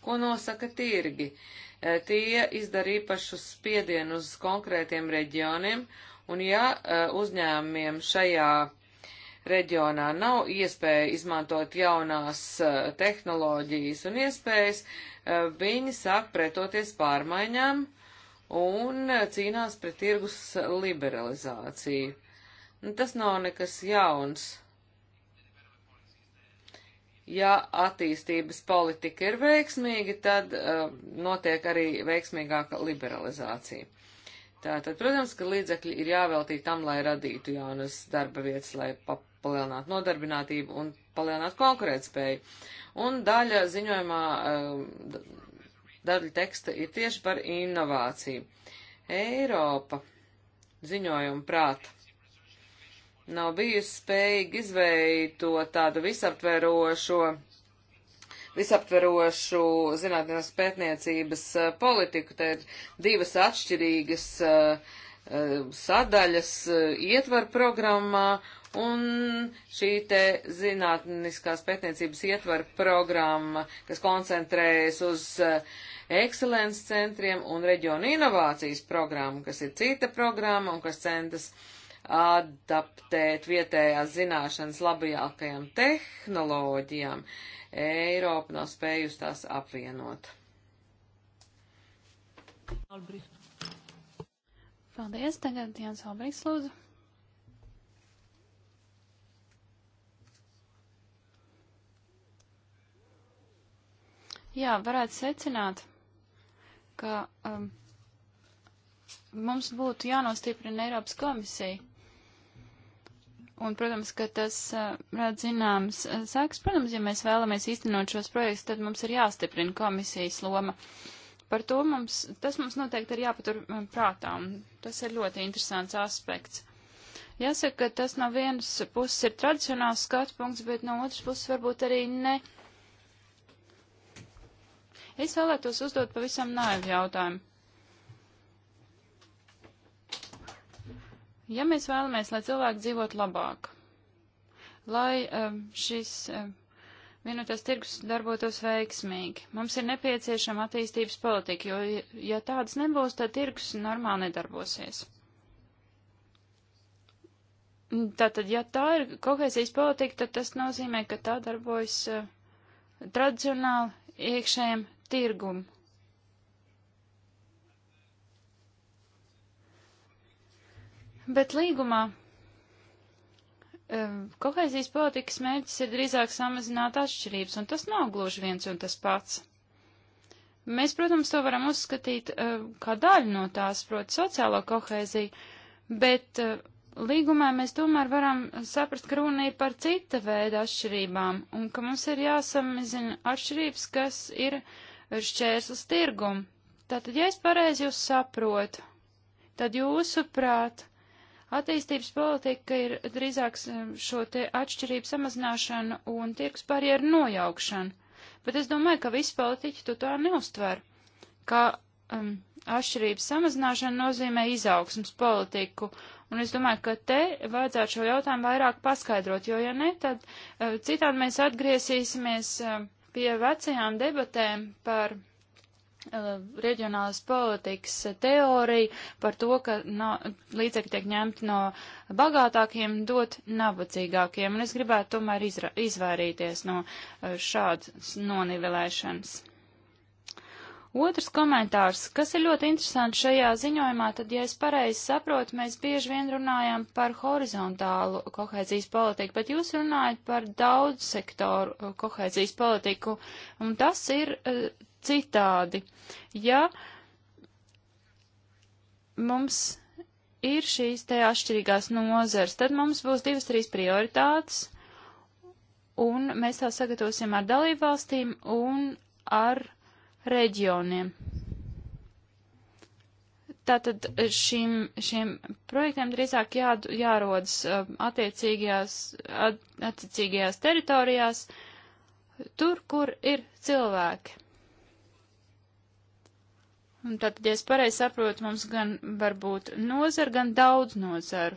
A: ko nosaka tirgi? Uh, Eh, tie izdara īpašu spiedienu uz konkrētiem reģioniem, un ja eh, uzņēmumiem šajā reģionā nav iespēja izmantot jaunās eh, tehnoloģijas un iespējas, viņi sāk pretoties pārmaiņām un cīnās pret tirgus liberalizāciju. Nu, tas nav nekas jauns ja attīstības politika ir veiksmīga, tad uh, notiek arī veiksmīgāka liberalizācija. Tātad, protams, ka līdzekļi ir jāveltīt tam, lai radītu jaunas darba vietas, lai palielinātu nodarbinātību un palielinātu konkurētspēju. Un daļa ziņojumā, uh, daļa teksta ir tieši par inovāciju. Eiropa ziņojumu prāta nav bijusi spējīga izveidot tādu visaptverošo, visaptverošu zinātnēs pētniecības eh, politiku. Te ir divas atšķirīgas uh, sadaļas uh, ietver programmā un šī te zinātniskās pētniecības ietver programma, kas koncentrējas uz uh, ekscelences centriem un reģionu inovācijas programmu, kas ir cita programma un kas centas uh, adaptēt vietējās zināšanas labajākajām tehnoloģijām, Eiropa nav spējusi tās apvienot. Albrecht.
B: Paldies, tagad Jānis Albrīks lūdzu. Jā, varētu secināt, ka um, mums būtu jānostiprina Eiropas komisija. Un, protams, ka tas rada zināmas sākas. Protams, ja mēs vēlamies īstenot šos projektus, tad mums ir jāstiprina komisijas loma. Par to mums, tas mums noteikti ir jāpatur prātā, un tas ir ļoti interesants aspekts. Jāsaka, ka tas no vienas puses ir tradicionāls skatu punkts, bet no otras puses varbūt arī ne. Es vēlētos uzdot pavisam naivu jautājumu. Ja mēs vēlamies, lai cilvēki dzīvot labāk, lai um, šis um, vienotais tirgus darbotos veiksmīgi, mums ir nepieciešama attīstības politika, jo, ja tādas nebūs, tad tirgus normāli nedarbosies. Tātad, ja tā ir kohēzijas politika, tad tas nozīmē, ka tā darbojas uh, tradicionāli iekšējiem tirgumam Bet līgumā eh, kohēzijas politikas mērķis ir drīzāk samazināt atšķirības, un tas nav gluži viens un tas pats. Mēs, protams, to varam uzskatīt eh, kā daļu no tās, proti, sociālo kohēziju, bet eh, līgumā mēs tomēr varam saprast, ka runa ir par cita veida atšķirībām, un ka mums ir jāsamazina atšķirības, kas ir šķērslis tirgumu. Tātad, ja es pareizi jūs saprotu, tad jūsu prāt Attīstības politika ir drīzāk um, šo te atšķirību samazināšana un tirgus barjeru nojaukšana. Bet es domāju, ka visi politiķi to tā neuztver, ka um, atšķirības samazināšana nozīmē izaugsmas politiku. Un es domāju, ka te vajadzētu šo jautājumu vairāk paskaidrot, jo ja ne, tad uh, citādi mēs atgriezīsimies uh, pie vecajām debatēm par Uh, reģionālas politikas teoriju par to, ka no, līdzekļi tiek ņemti no bagātākiem, dot nabadzīgākiem, un es gribētu tomēr izra, izvairīties no uh, šādas nonivelēšanas. Otrs komentārs, kas ir ļoti interesants šajā ziņojumā, tad, ja es pareizi saprotu, mēs bieži vien runājam par horizontālu kohēzijas politiku, bet jūs runājat par daudz sektoru kohēzijas politiku, un tas ir uh, citādi. Ja mums ir šīs te atšķirīgās nozars, tad mums būs divas, trīs prioritātes, un mēs tā sagatavosim ar dalībvalstīm un ar reģioniem. Tātad šim, šiem projektiem drīzāk jā, jārodas um, attiecīgajās, attiecīgajās teritorijās, tur, kur ir cilvēki. Un tātad, ja es pareizi saprotu, mums gan var būt nozara, gan daudz nozaru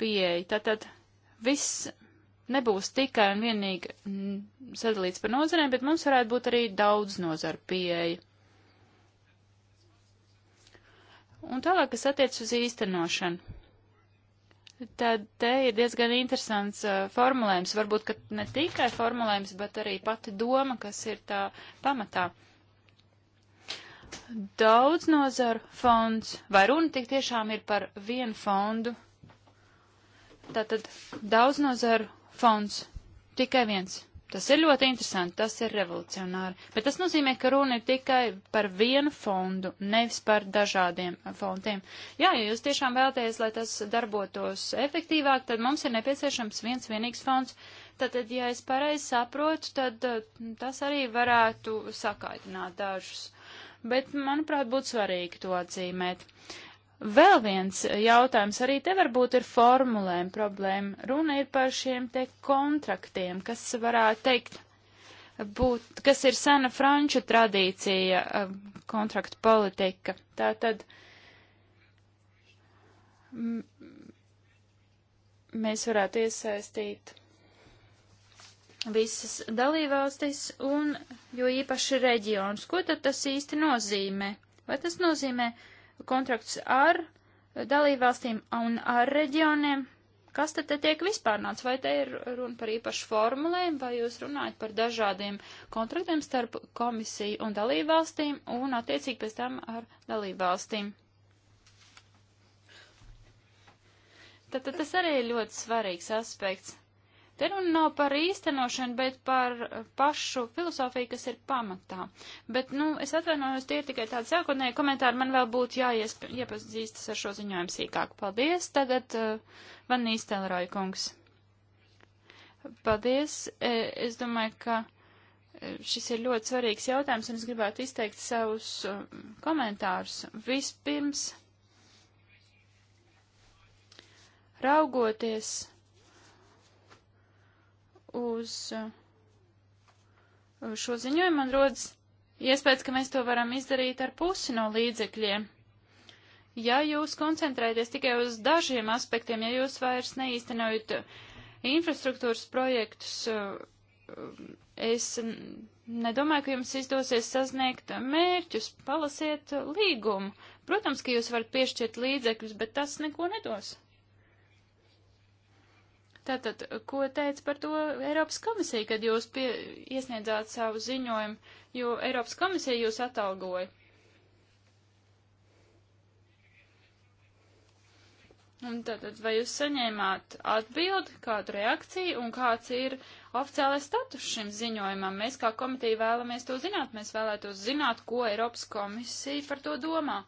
B: pieeja. Tātad viss nebūs tikai un vienīgi sadalīts par nozarēm, bet mums varētu būt arī daudz nozaru pieeja. Un tālāk, kas attiec uz īstenošanu. Tad te ir diezgan interesants uh, formulējums, varbūt, ka ne tikai formulējums, bet arī pati doma, kas ir tā pamatā. Uh, daudz nozaru fonds, vai runa tik tiešām ir par vienu fondu? Tātad daudz nozaru fonds, tikai viens. Tas ir ļoti interesanti, tas ir revolucionāri. Bet tas nozīmē, ka runa ir tikai par vienu fondu, nevis par dažādiem fondiem. Jā, ja jūs tiešām vēlaties, lai tas darbotos efektīvāk, tad mums ir nepieciešams viens vienīgs fonds. Tātad, ja es pareizi saprotu, tad eh, tas arī varētu sakaitināt dažus bet, manuprāt, būtu svarīgi to atzīmēt. Vēl viens jautājums, arī te varbūt ir formulēm problēma. Runa ir par šiem te kontraktiem, kas varētu teikt, būt, kas ir sena franču tradīcija, kontraktu politika. Tā tad mēs varētu iesaistīt visas dalībvalstis un jo īpaši reģionus. Ko tad tas īsti nozīmē? Vai tas nozīmē kontrakts ar dalībvalstīm un ar reģioniem? Kas tad te tiek vispārnāts? Vai te ir runa par īpašu formulēm, vai jūs runājat par dažādiem kontraktiem starp komisiju un dalībvalstīm un attiecīgi pēc tam ar dalībvalstīm? Tātad tas arī ir ļoti svarīgs aspekts. Te runa nav par īstenošanu, bet par pašu filozofiju, kas ir pamatā. Bet, nu, es atvainojos, tie ir tikai tādi sākotnēji komentāri, man vēl būtu jāiepazīstas ar šo ziņojumu sīkāk. Paldies, tagad uh, Van Nīstelroja kungs. Paldies, e, es domāju, ka e, šis ir ļoti svarīgs jautājums, un es gribētu izteikt savus e, komentārus. Vispirms, raugoties uz uh, šo ziņojumu, man rodas iespējas, ka mēs to varam izdarīt ar pusi no līdzekļiem. Ja jūs koncentrēties tikai uz dažiem aspektiem, ja jūs vairs neīstenojat infrastruktūras projektus, uh, es nedomāju, ka jums izdosies sasniegt mērķus, palasiet līgumu. Protams, ka jūs varat piešķirt līdzekļus, bet tas neko nedos. Tātad, ko teica par to Eiropas komisija, kad jūs pie, iesniedzāt savu ziņojumu, jo Eiropas komisija jūs atalgoja? Un tātad, vai jūs saņēmāt atbildi, kādu reakciju un kāds ir oficiālais status šim ziņojumam? Mēs kā komitīja vēlamies to zināt, mēs vēlētos zināt, ko Eiropas komisija par to domā.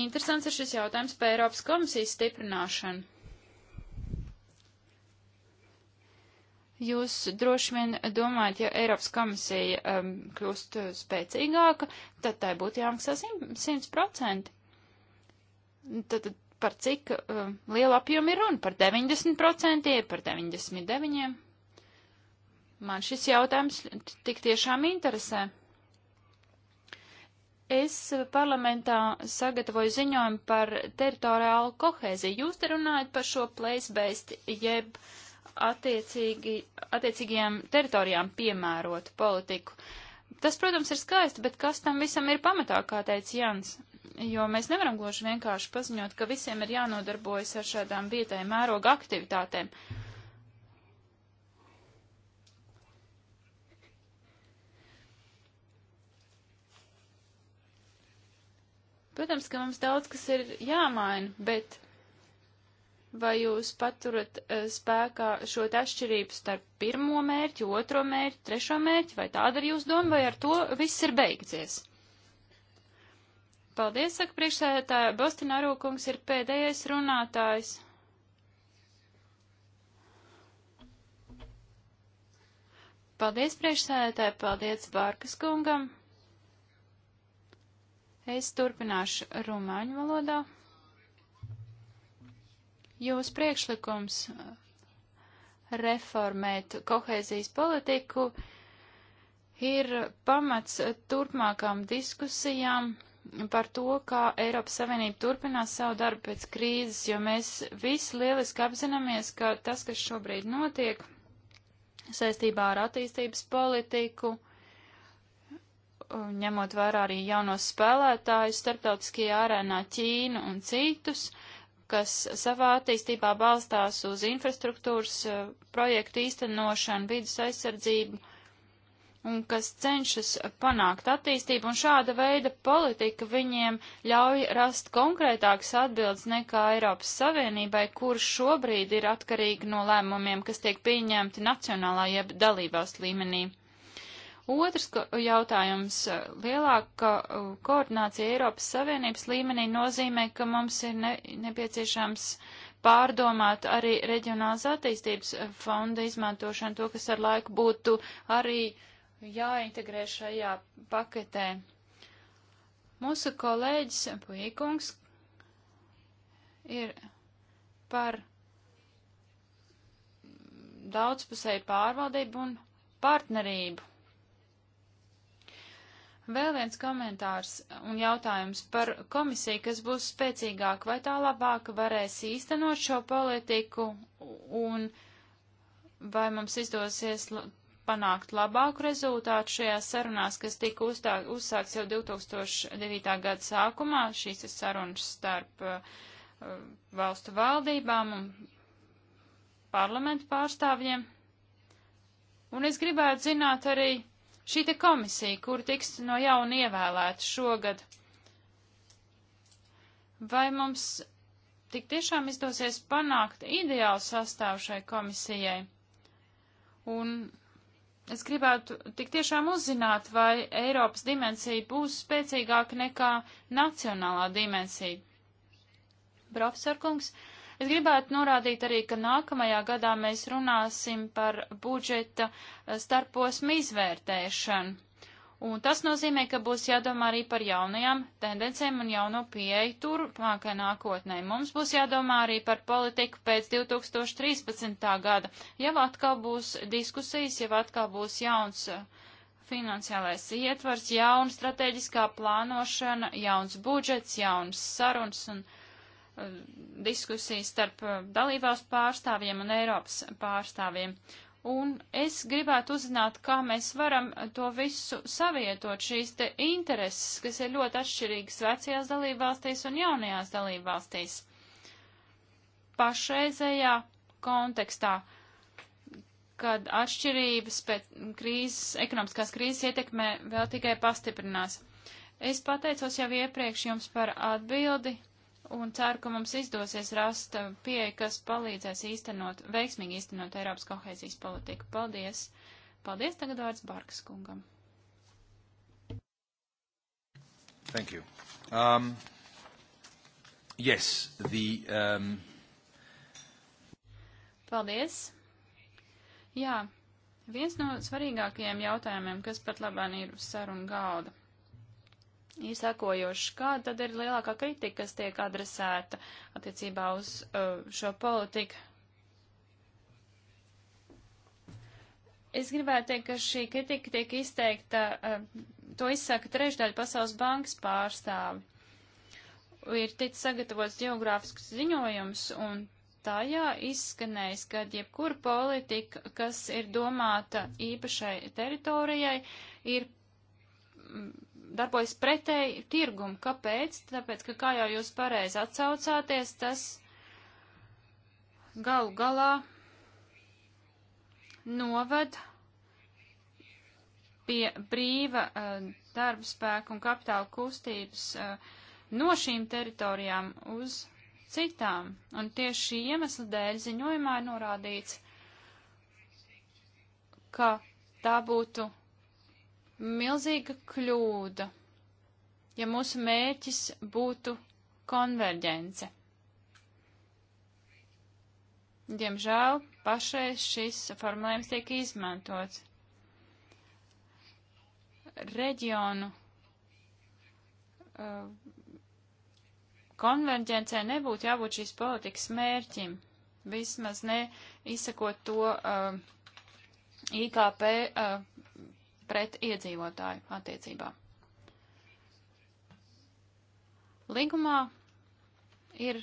B: Interesants ir šis jautājums par Eiropas komisijas stiprināšanu. Jūs droši vien domājat, ja Eiropas komisija um, kļūst spēcīgāka, tad tai būtu jāmaksā 100%. Tad par cik um, lielu apjomu ir runa? Par 90%, par 99%? Man šis jautājums tik tiešām interesē. Es parlamentā sagatavoju ziņojumu par teritoriālu kohēziju. Jūs te runājat par šo place-based jeb. Uh, attiecīgi, attiecīgajām teritorijām piemērotu politiku. Tas, protams, ir skaisti, bet kas tam visam ir pamatā, kā teica Jans? Jo mēs nevaram gluži vienkārši paziņot, ka visiem ir jānodarbojas ar šādām vietējām mēroga aktivitātēm. Protams, ka mums daudz kas ir jāmaina, bet vai jūs paturat uh, spēkā šo atšķirību starp pirmo mērķi, otro mērķi, trešo mērķi, vai tāda ir jūsu doma, vai ar to viss ir beigdzies? Paldies, saka priekšsēdētāja. Bostina Arūkungs ir pēdējais runātājs. Paldies, priekšsēdētāji, paldies Bārkas kungam. Es turpināšu rumāņu valodā. Jūs priekšlikums uh, reformēt kohēzijas politiku ir pamats turpmākām diskusijām par to, kā Eiropas Savienība turpinās savu darbu pēc krīzes, jo mēs visi lieliski apzināmies, ka tas, kas šobrīd notiek saistībā ar attīstības politiku, ņemot vērā arī jaunos spēlētājus starptautiskajā arēnā Ķīnu un citus, uh, kas savā attīstībā balstās uz infrastruktūras eh, projektu īstenošanu, vidas aizsardzību un kas cenšas panākt attīstību, un šāda veida politika viņiem ļauj rast konkrētākas atbildes nekā Eiropas Savienībai, kur šobrīd ir atkarīgi no lēmumiem, kas tiek pieņemti nacionālā jeb dalībās līmenī. Otrs jautājums. Lielāka uh, koordinācija Eiropas Savienības līmenī nozīmē, ka mums ir ne, nepieciešams pārdomāt arī reģionālas attīstības uh, fonda izmantošanu, to, kas ar laiku būtu arī jāintegrē šajā paketē. Mūsu kolēģis Puikungs ir par daudzpusēju pārvaldību un partnerību. Vēl viens komentārs un jautājums par komisiju, kas būs spēcīgāka, vai tā labāk varēs īstenot šo politiku un vai mums izdosies panākt labāku rezultātu šajās sarunās, kas tika uzstā, uzsāks jau 2009. gada sākumā, šīs ir sarunas starp uh, valstu valdībām un parlamentu pārstāvjiem. Un es gribētu zināt arī, Šī te komisija, kur tiks no jauna ievēlēta šogad, vai mums tik tiešām izdosies panākt ideālu sastāvu šai komisijai? Un es gribētu tik tiešām uzzināt, vai Eiropas dimensija būs spēcīgāka nekā nacionālā dimensija. Profesor Kungs, uh, Es gribētu norādīt arī, ka nākamajā gadā mēs runāsim par budžeta eh, starposmu izvērtēšanu. Un tas nozīmē, ka būs jādomā arī par jaunajām tendencēm un jauno pieeju turpmākai nākotnē. Mums būs jādomā arī par politiku pēc 2013. gada. Jau atkal būs diskusijas, jau atkal būs jauns eh, finansiālais ietvars, jauna strateģiskā plānošana, jauns budžets, jauns sarunas un. Uh, diskusijas starp eh, dalībvalstu pārstāvjiem un Eiropas pārstāvjiem. Un es gribētu uzzināt, kā mēs varam to visu savietot, šīs te intereses, kas ir ļoti atšķirīgas vecajās dalībvalstīs un jaunajās dalībvalstīs. Pašreizējā kontekstā, kad atšķirības pēc krīzes, ekonomiskās krīzes ietekmē vēl tikai pastiprinās. Es pateicos jau iepriekš jums par atbildi, un ceru, ka mums izdosies rast pieeja, kas palīdzēs īstenot, veiksmīgi īstenot Eiropas kohēzijas politiku. Paldies! Paldies tagad vārds Barkas kungam. Thank you. Um, yes, the, um... Paldies. Jā, viens no svarīgākajiem jautājumiem, kas pat labāk ir saruna galda ir sakojoši, kāda tad ir lielākā kritika, kas tiek adresēta attiecībā uz uh, šo politiku. Es gribētu teikt, ka šī kritika tiek izteikta, uh, to izsaka trešdaļa Pasaules bankas pārstāvi. Ir ticis sagatavots geogrāfisks ziņojums, un tajā izskanējis, ka jebkura politika, kas ir domāta īpašai teritorijai, ir mm, darbojas pretēji tirgumu. Kāpēc? Tāpēc, ka, kā jau jūs pareizi atsaucāties, tas galu galā noved pie brīva uh, darba spēka un kapitāla kustības uh, no šīm teritorijām uz citām. Un tieši šī iemesla dēļ ziņojumā ir norādīts, ka tā būtu milzīga kļūda, ja mūsu mērķis būtu konverģence. Diemžēl pašreiz šis formulējums tiek izmantots. Reģionu uh, konverģencē nebūtu jābūt šīs politikas mērķim, vismaz ne izsakot to uh, IKP uh, pret iedzīvotāju attiecībā. Līgumā ir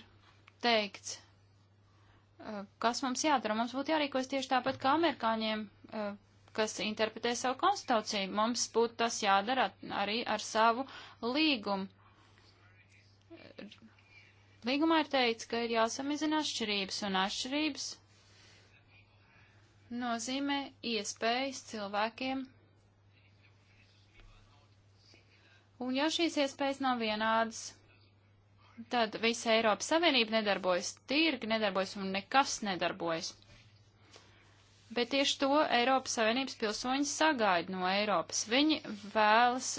B: teikts, uh, kas mums jādara. Mums būtu jārīkojas tieši tāpat kā amerikāņiem, uh, kas interpretē savu konstitūciju. Mums būtu tas jādara arī ar savu līgumu. Līgumā ir teikts, ka ir jāsamazina atšķirības, un atšķirības nozīmē iespējas cilvēkiem Un ja šīs iespējas nav vienādas, tad visa Eiropas Savienība nedarbojas, tirgi nedarbojas un nekas nedarbojas. Bet tieši to Eiropas Savienības pilsoņi sagaida no Eiropas. Viņi vēlas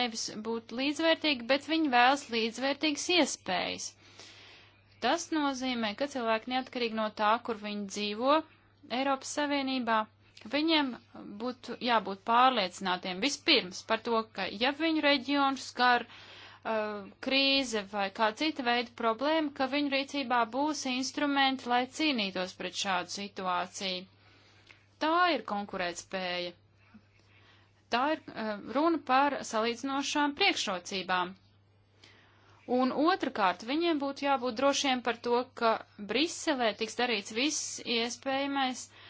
B: nevis būt līdzvērtīgi, bet viņi vēlas līdzvērtīgas iespējas. Tas nozīmē, ka cilvēki neatkarīgi no tā, kur viņi dzīvo Eiropas Savienībā, Viņiem būtu jābūt pārliecinātiem vispirms par to, ka ja viņu reģionu skar uh, krīze vai kā cita veida problēma, ka viņu rīcībā būs instrumenti, lai cīnītos pret šādu situāciju. Tā ir konkurētspēja. Tā ir uh, runa par salīdzinošām priekšrocībām. Un otrkārt, viņiem būtu jābūt drošiem par to, ka Briselē tiks darīts viss iespējamais, uh,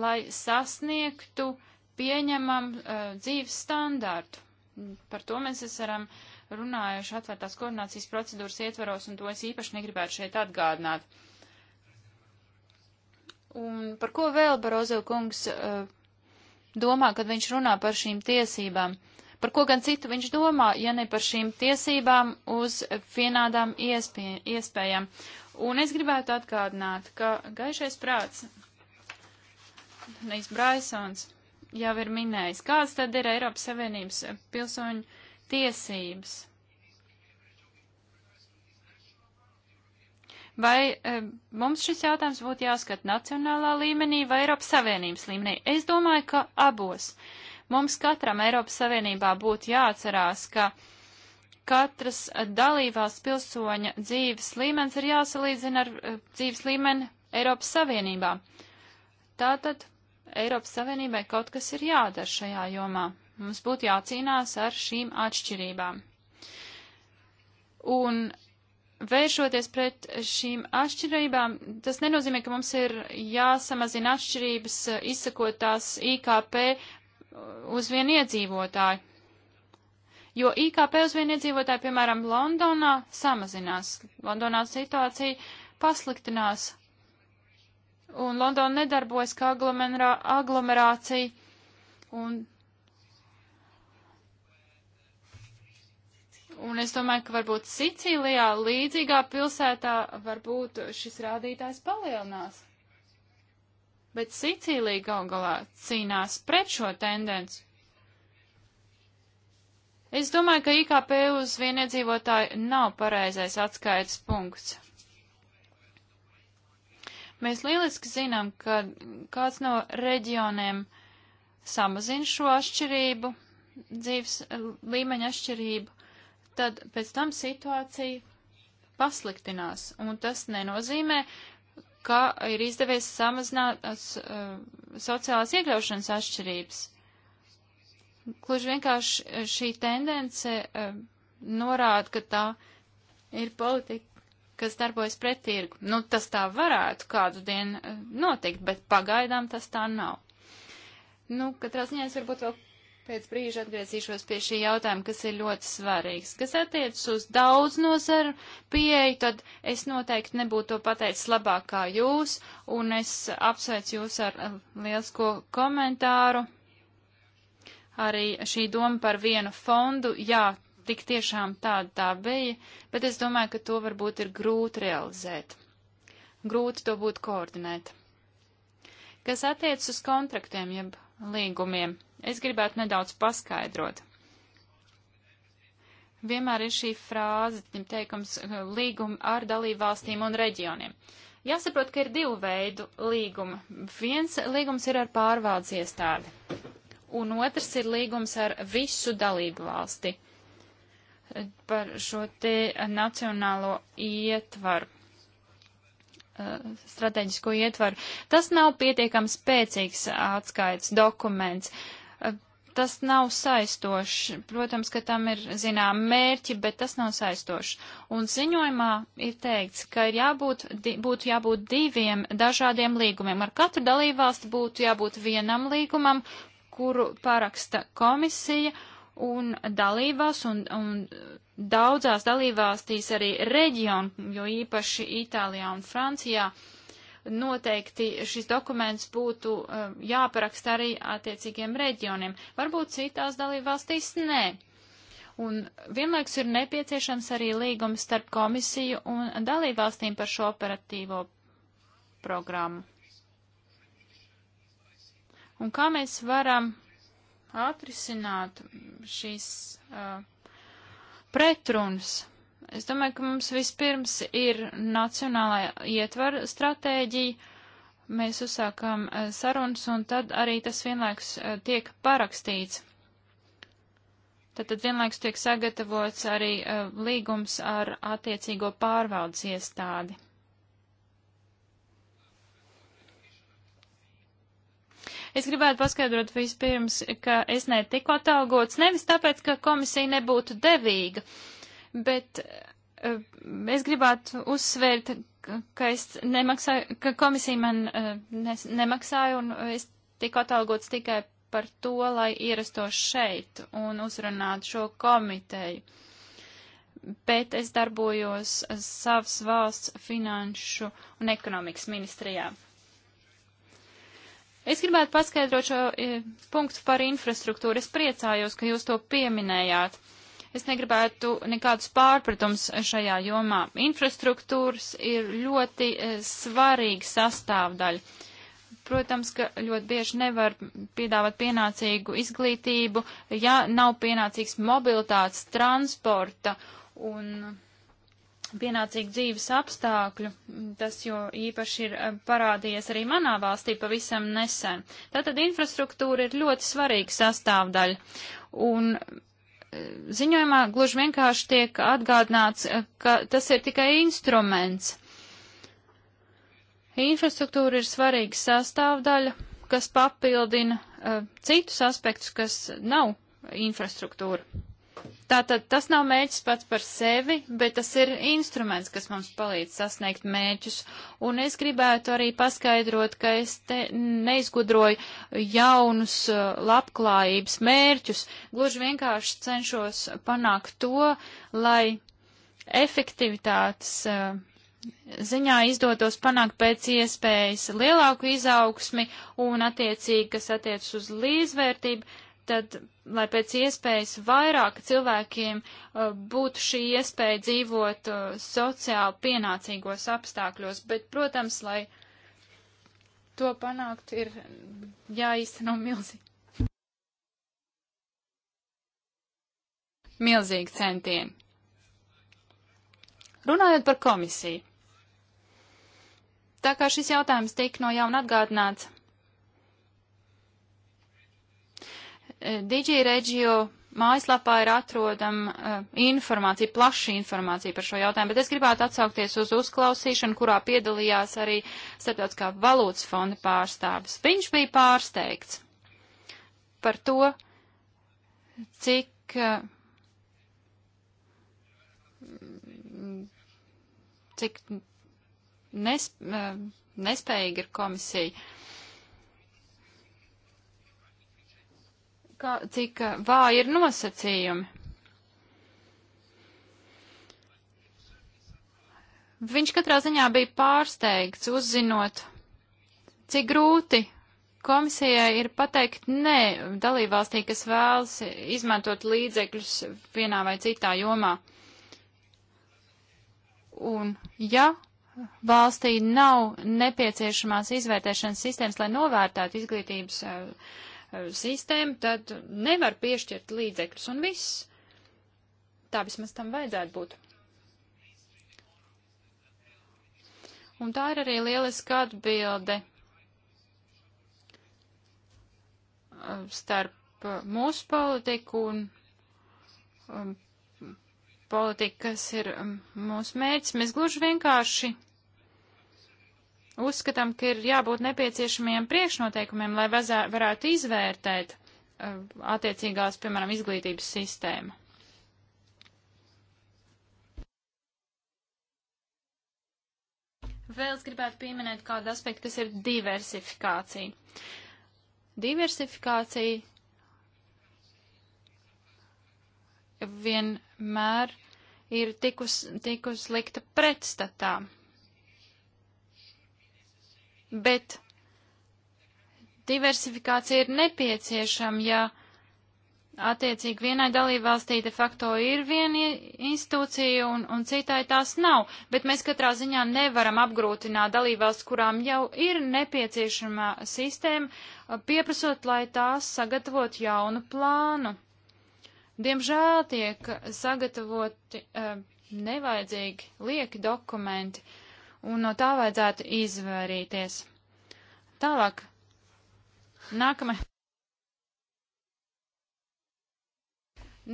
B: lai sasniegtu pieņemam uh, dzīves standārtu. Par to mēs esam runājuši atvērtās koordinācijas procedūras ietvaros, un to es īpaši negribētu šeit atgādināt. Un par ko vēl Barozo kungs uh, domā, kad viņš runā par šīm tiesībām? Par ko gan citu viņš domā, ja ne par šīm tiesībām uz vienādām iespēj iespējām? Un es gribētu atgādināt, ka gaišais prāts Nīs Braisons jau ir minējis, kāds tad ir Eiropas Savienības pilsoņu tiesības. Vai e, mums šis jautājums būtu jāskat nacionālā līmenī vai Eiropas Savienības līmenī? Es domāju, ka abos. Mums katram Eiropas Savienībā būtu jāatcerās, ka katras dalībās pilsoņa dzīves līmenis ir jāsalīdzina ar e, dzīves līmeni Eiropas Savienībā. Tātad Eiropas Savienībai kaut kas ir jādara šajā jomā. Mums būtu jācīnās ar šīm atšķirībām. Un vēršoties pret šīm atšķirībām, tas nenozīmē, ka mums ir jāsamazina atšķirības, izsakot tās IKP uz vienu iedzīvotāju. Jo IKP uz vienu iedzīvotāju, piemēram, Londonā samazinās. Londonā situācija pasliktinās un Londona nedarbojas kā aglomerā, aglomerācija. Un, un es domāju, ka varbūt Sicīlijā, līdzīgā pilsētā, varbūt šis rādītājs palielinās. Bet Sicīlija gal galā cīnās pret šo tendenci. Es domāju, ka IKP uz vieniedzīvotāju nav pareizais atskaites punkts. Mēs lieliski zinām, ka kāds no reģioniem samazina šo atšķirību, dzīves eh, līmeņa atšķirību, tad pēc tam situācija pasliktinās. Un tas nenozīmē, ka ir izdevies samazināt uh, sociālās iekļaušanas atšķirības. Kluži vienkārši eh, šī tendence uh, norāda, ka tā ir politika, kas darbojas pret tirgu. Nu, tas tā varētu kādu dienu eh, notikt, bet pagaidām tas tā nav. Nu, katrā ziņā es varbūt vēl pēc brīža atgriezīšos pie šī jautājuma, kas ir ļoti svarīgs. Kas attiecas uz daudz nozaru pieeju, tad es noteikti nebūtu to pateicis labāk kā jūs, un es apsveicu jūs ar eh, lielisko komentāru. Arī šī doma par vienu fondu, jā, tik tiešām tāda tā bija, bet es domāju, ka to varbūt ir grūti realizēt. Grūti to būtu koordinēt. Kas attiec uz kontraktiem, jeb līgumiem, es gribētu nedaudz paskaidrot. Vienmēr ir šī frāze, teikums, līgumi ar dalībvalstīm un reģioniem. Jāsaprot, ka ir divu veidu līguma. Viens līgums ir ar pārvaldes iestādi, un otrs ir līgums ar visu dalību valsti par šo te nacionālo ietvaru, eh, strateģisko ietvaru. Tas nav pietiekami spēcīgs atskaits dokuments. Eh, tas nav saistošs. Protams, ka tam ir zinām mērķi, bet tas nav saistošs. Un ziņojumā ir teikts, ka ir jābūt, di, būtu jābūt diviem dažādiem līgumiem. Ar katru dalībvalsti būtu jābūt vienam līgumam, kuru paraksta komisija, uh, un dalībās, un, un daudzās dalībvalstīs arī reģionu, jo īpaši Itālijā un Francijā, noteikti šis dokuments būtu uh, jāparaksta arī attiecīgiem reģioniem. Varbūt citās dalībvalstīs nē. Un vienlaiks ir nepieciešams arī līgums starp komisiju un dalībvalstīm par šo operatīvo programmu. Un kā mēs varam atrisināt šīs uh, pretrunas. Es domāju, ka mums vispirms ir nacionālā ietvara stratēģija, mēs uzsākam uh, sarunas un tad arī tas vienlaiks uh, tiek parakstīts. Tad, tad vienlaiks tiek sagatavots arī uh, līgums ar attiecīgo pārvaldes iestādi. Es gribētu paskaidrot vispirms, ka es netiku atalgots nevis tāpēc, ka komisija nebūtu devīga, bet eh, es gribētu uzsvērt, ka, es nemaksāju, ka komisija man eh, nes, nemaksāja un es tiku atalgots tikai par to, lai ierastos šeit un uzrunātu šo komiteju. Bet es darbojos savas valsts finanšu un ekonomikas ministrijā. Es gribētu paskaidrot šo e, punktu par infrastruktūru. Es priecājos, ka jūs to pieminējāt. Es negribētu nekādus pārpratums šajā jomā. Infrastruktūras ir ļoti e, svarīga sastāvdaļa. Protams, ka ļoti bieži nevar piedāvāt pienācīgu izglītību, ja nav pienācīgs mobilitātes, transporta un pienācīgu dzīves apstākļu. Tas jo īpaši ir eh, parādījies arī manā valstī pavisam nesen. Tātad infrastruktūra ir ļoti svarīga sastāvdaļa. Un eh, ziņojumā gluži vienkārši tiek atgādināts, eh, ka tas ir tikai instruments. Infrastruktūra ir svarīga sastāvdaļa, kas papildina uh, citus aspektus, kas nav infrastruktūra. Tātad tas nav mēģis pats par sevi, bet tas ir instruments, kas mums palīdz sasniegt mēģus. Un es gribētu arī paskaidrot, ka es te neizgudroju jaunus uh, labklājības mērķus, gluži vienkārši cenšos panākt to, lai efektivitātes uh, ziņā izdotos panākt pēc iespējas lielāku izaugsmi un attiecīgi, kas attiec uz līdzvērtību tad, lai pēc iespējas vairāk cilvēkiem uh, būtu šī iespēja dzīvot uh, sociāli pienācīgos apstākļos, bet, protams, lai to panākt, ir jāīsteno milzīgi. Milzīgi centieni. Runājot par komisiju. Tā kā šis jautājums tika no jauna atgādināts Eh, DigiRegio mājaslapā ir atrodama uh, eh, informācija, plaša informācija par šo jautājumu, bet es gribētu atsaukties uz uzklausīšanu, kurā piedalījās arī Starptautiskā valūtas fonda pārstāvis. Viņš bija pārsteigts par to, cik, uh, cik nes, uh, nespējīga ir komisija. kā, cik uh, vāji ir nosacījumi. Viņš katrā ziņā bija pārsteigts, uzzinot, cik grūti komisijai ir pateikt nē dalībvalstī, kas vēlas izmantot līdzekļus vienā vai citā jomā. Un ja valstī nav nepieciešamās izvērtēšanas sistēmas, lai novērtētu izglītības uh, sistēmu, tad nevar piešķirt līdzekļus un viss. Tā vismaz tam vajadzētu būt. Un tā ir arī lieliska atbilde uh, starp uh, mūsu politiku un um, politiku, kas ir um, mūsu mērķis. Mēs gluži vienkārši uzskatām, ka ir jābūt nepieciešamiem priekšnoteikumiem, lai vazā, varētu izvērtēt uh, attiecīgās, piemēram, izglītības sistēmu. Vēl es gribētu pieminēt kādu aspektu, kas ir diversifikācija. Diversifikācija vienmēr ir tikus, tikus likta pretstatām bet diversifikācija ir nepieciešama, ja attiecīgi vienai dalībvalstī de facto ir viena institūcija un, un citai tās nav, bet mēs katrā ziņā nevaram apgrūtināt dalībvalsts, kurām jau ir nepieciešama sistēma, pieprasot, lai tās sagatavot jaunu plānu. Diemžēl tiek sagatavoti uh, nevajadzīgi lieki dokumenti. Uh, un no tā vajadzētu izvairīties. Tālāk. Nākamais.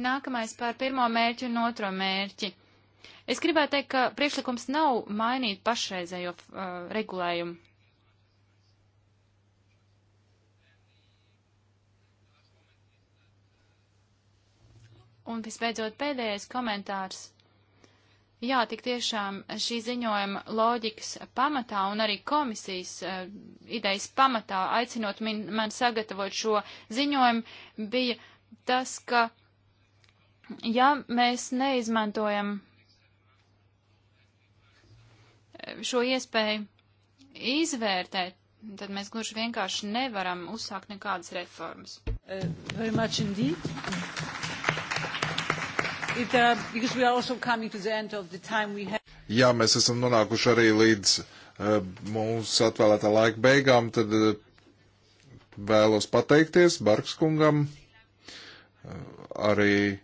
B: Nākamais par pirmo mērķi un otro mērķi. Es gribētu teikt, ka priekšlikums nav mainīt pašreizējo uh, regulējumu. Un visbeidzot pēdējais komentārs Jā, tik tiešām šī ziņojuma loģikas pamatā un arī komisijas uh, idejas pamatā, aicinot min, man sagatavot šo ziņojumu, bija tas, ka ja mēs neizmantojam eh, šo iespēju izvērtēt, tad mēs gluži vienkārši nevaram uzsākt nekādas reformas. Uh,
A: it, uh, because we are also coming to the end of the time we have.
C: Jā, mēs esam nonākuši arī līdz uh, mūsu atvēlētā laika beigām, tad uh, vēlos pateikties Barks kungam uh, arī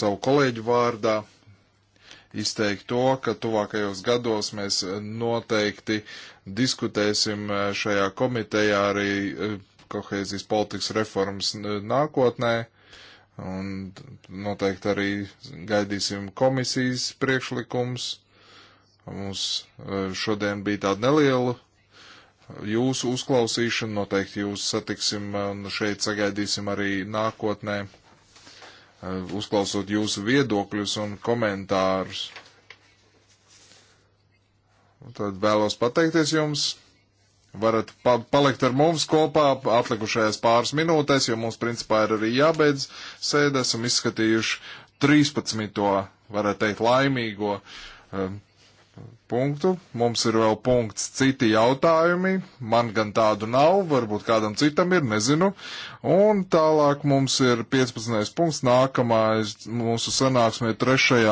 C: savu kolēģu vārdā izteikt to, ka tuvākajos gados mēs uh, noteikti diskutēsim uh, šajā komitejā arī uh, kohēzijas politikas reformas nākotnē un noteikti arī gaidīsim komisijas priekšlikums. Mums e, šodien bija tāda neliela e, jūsu uzklausīšana, noteikti jūs satiksim un šeit sagaidīsim arī nākotnē, e, uzklausot jūsu viedokļus un komentārus. Un tad vēlos pateikties jums varat pa palikt ar mums kopā atlikušajās pāris minūtēs, jo mums principā ir arī jābeidz sēde. Esam izskatījuši 13. varētu teikt laimīgo um, punktu. Mums ir vēl punkts citi jautājumi. Man gan tādu nav, varbūt kādam citam ir, nezinu. Un tālāk mums ir 15. punkts. Nākamā mūsu sanāksmē 3.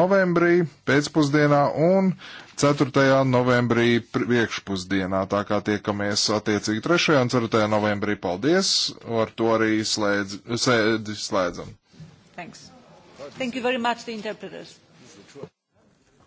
C: novembrī pēcpusdienā un 4. novembrī priekšpusdienā, tā kā tiekamies attiecīgi 3. un 4. novembrī. Paldies! Ar to arī slēdz, sēdi slēdzam. Thanks.
A: Thank you very much, the interpreters.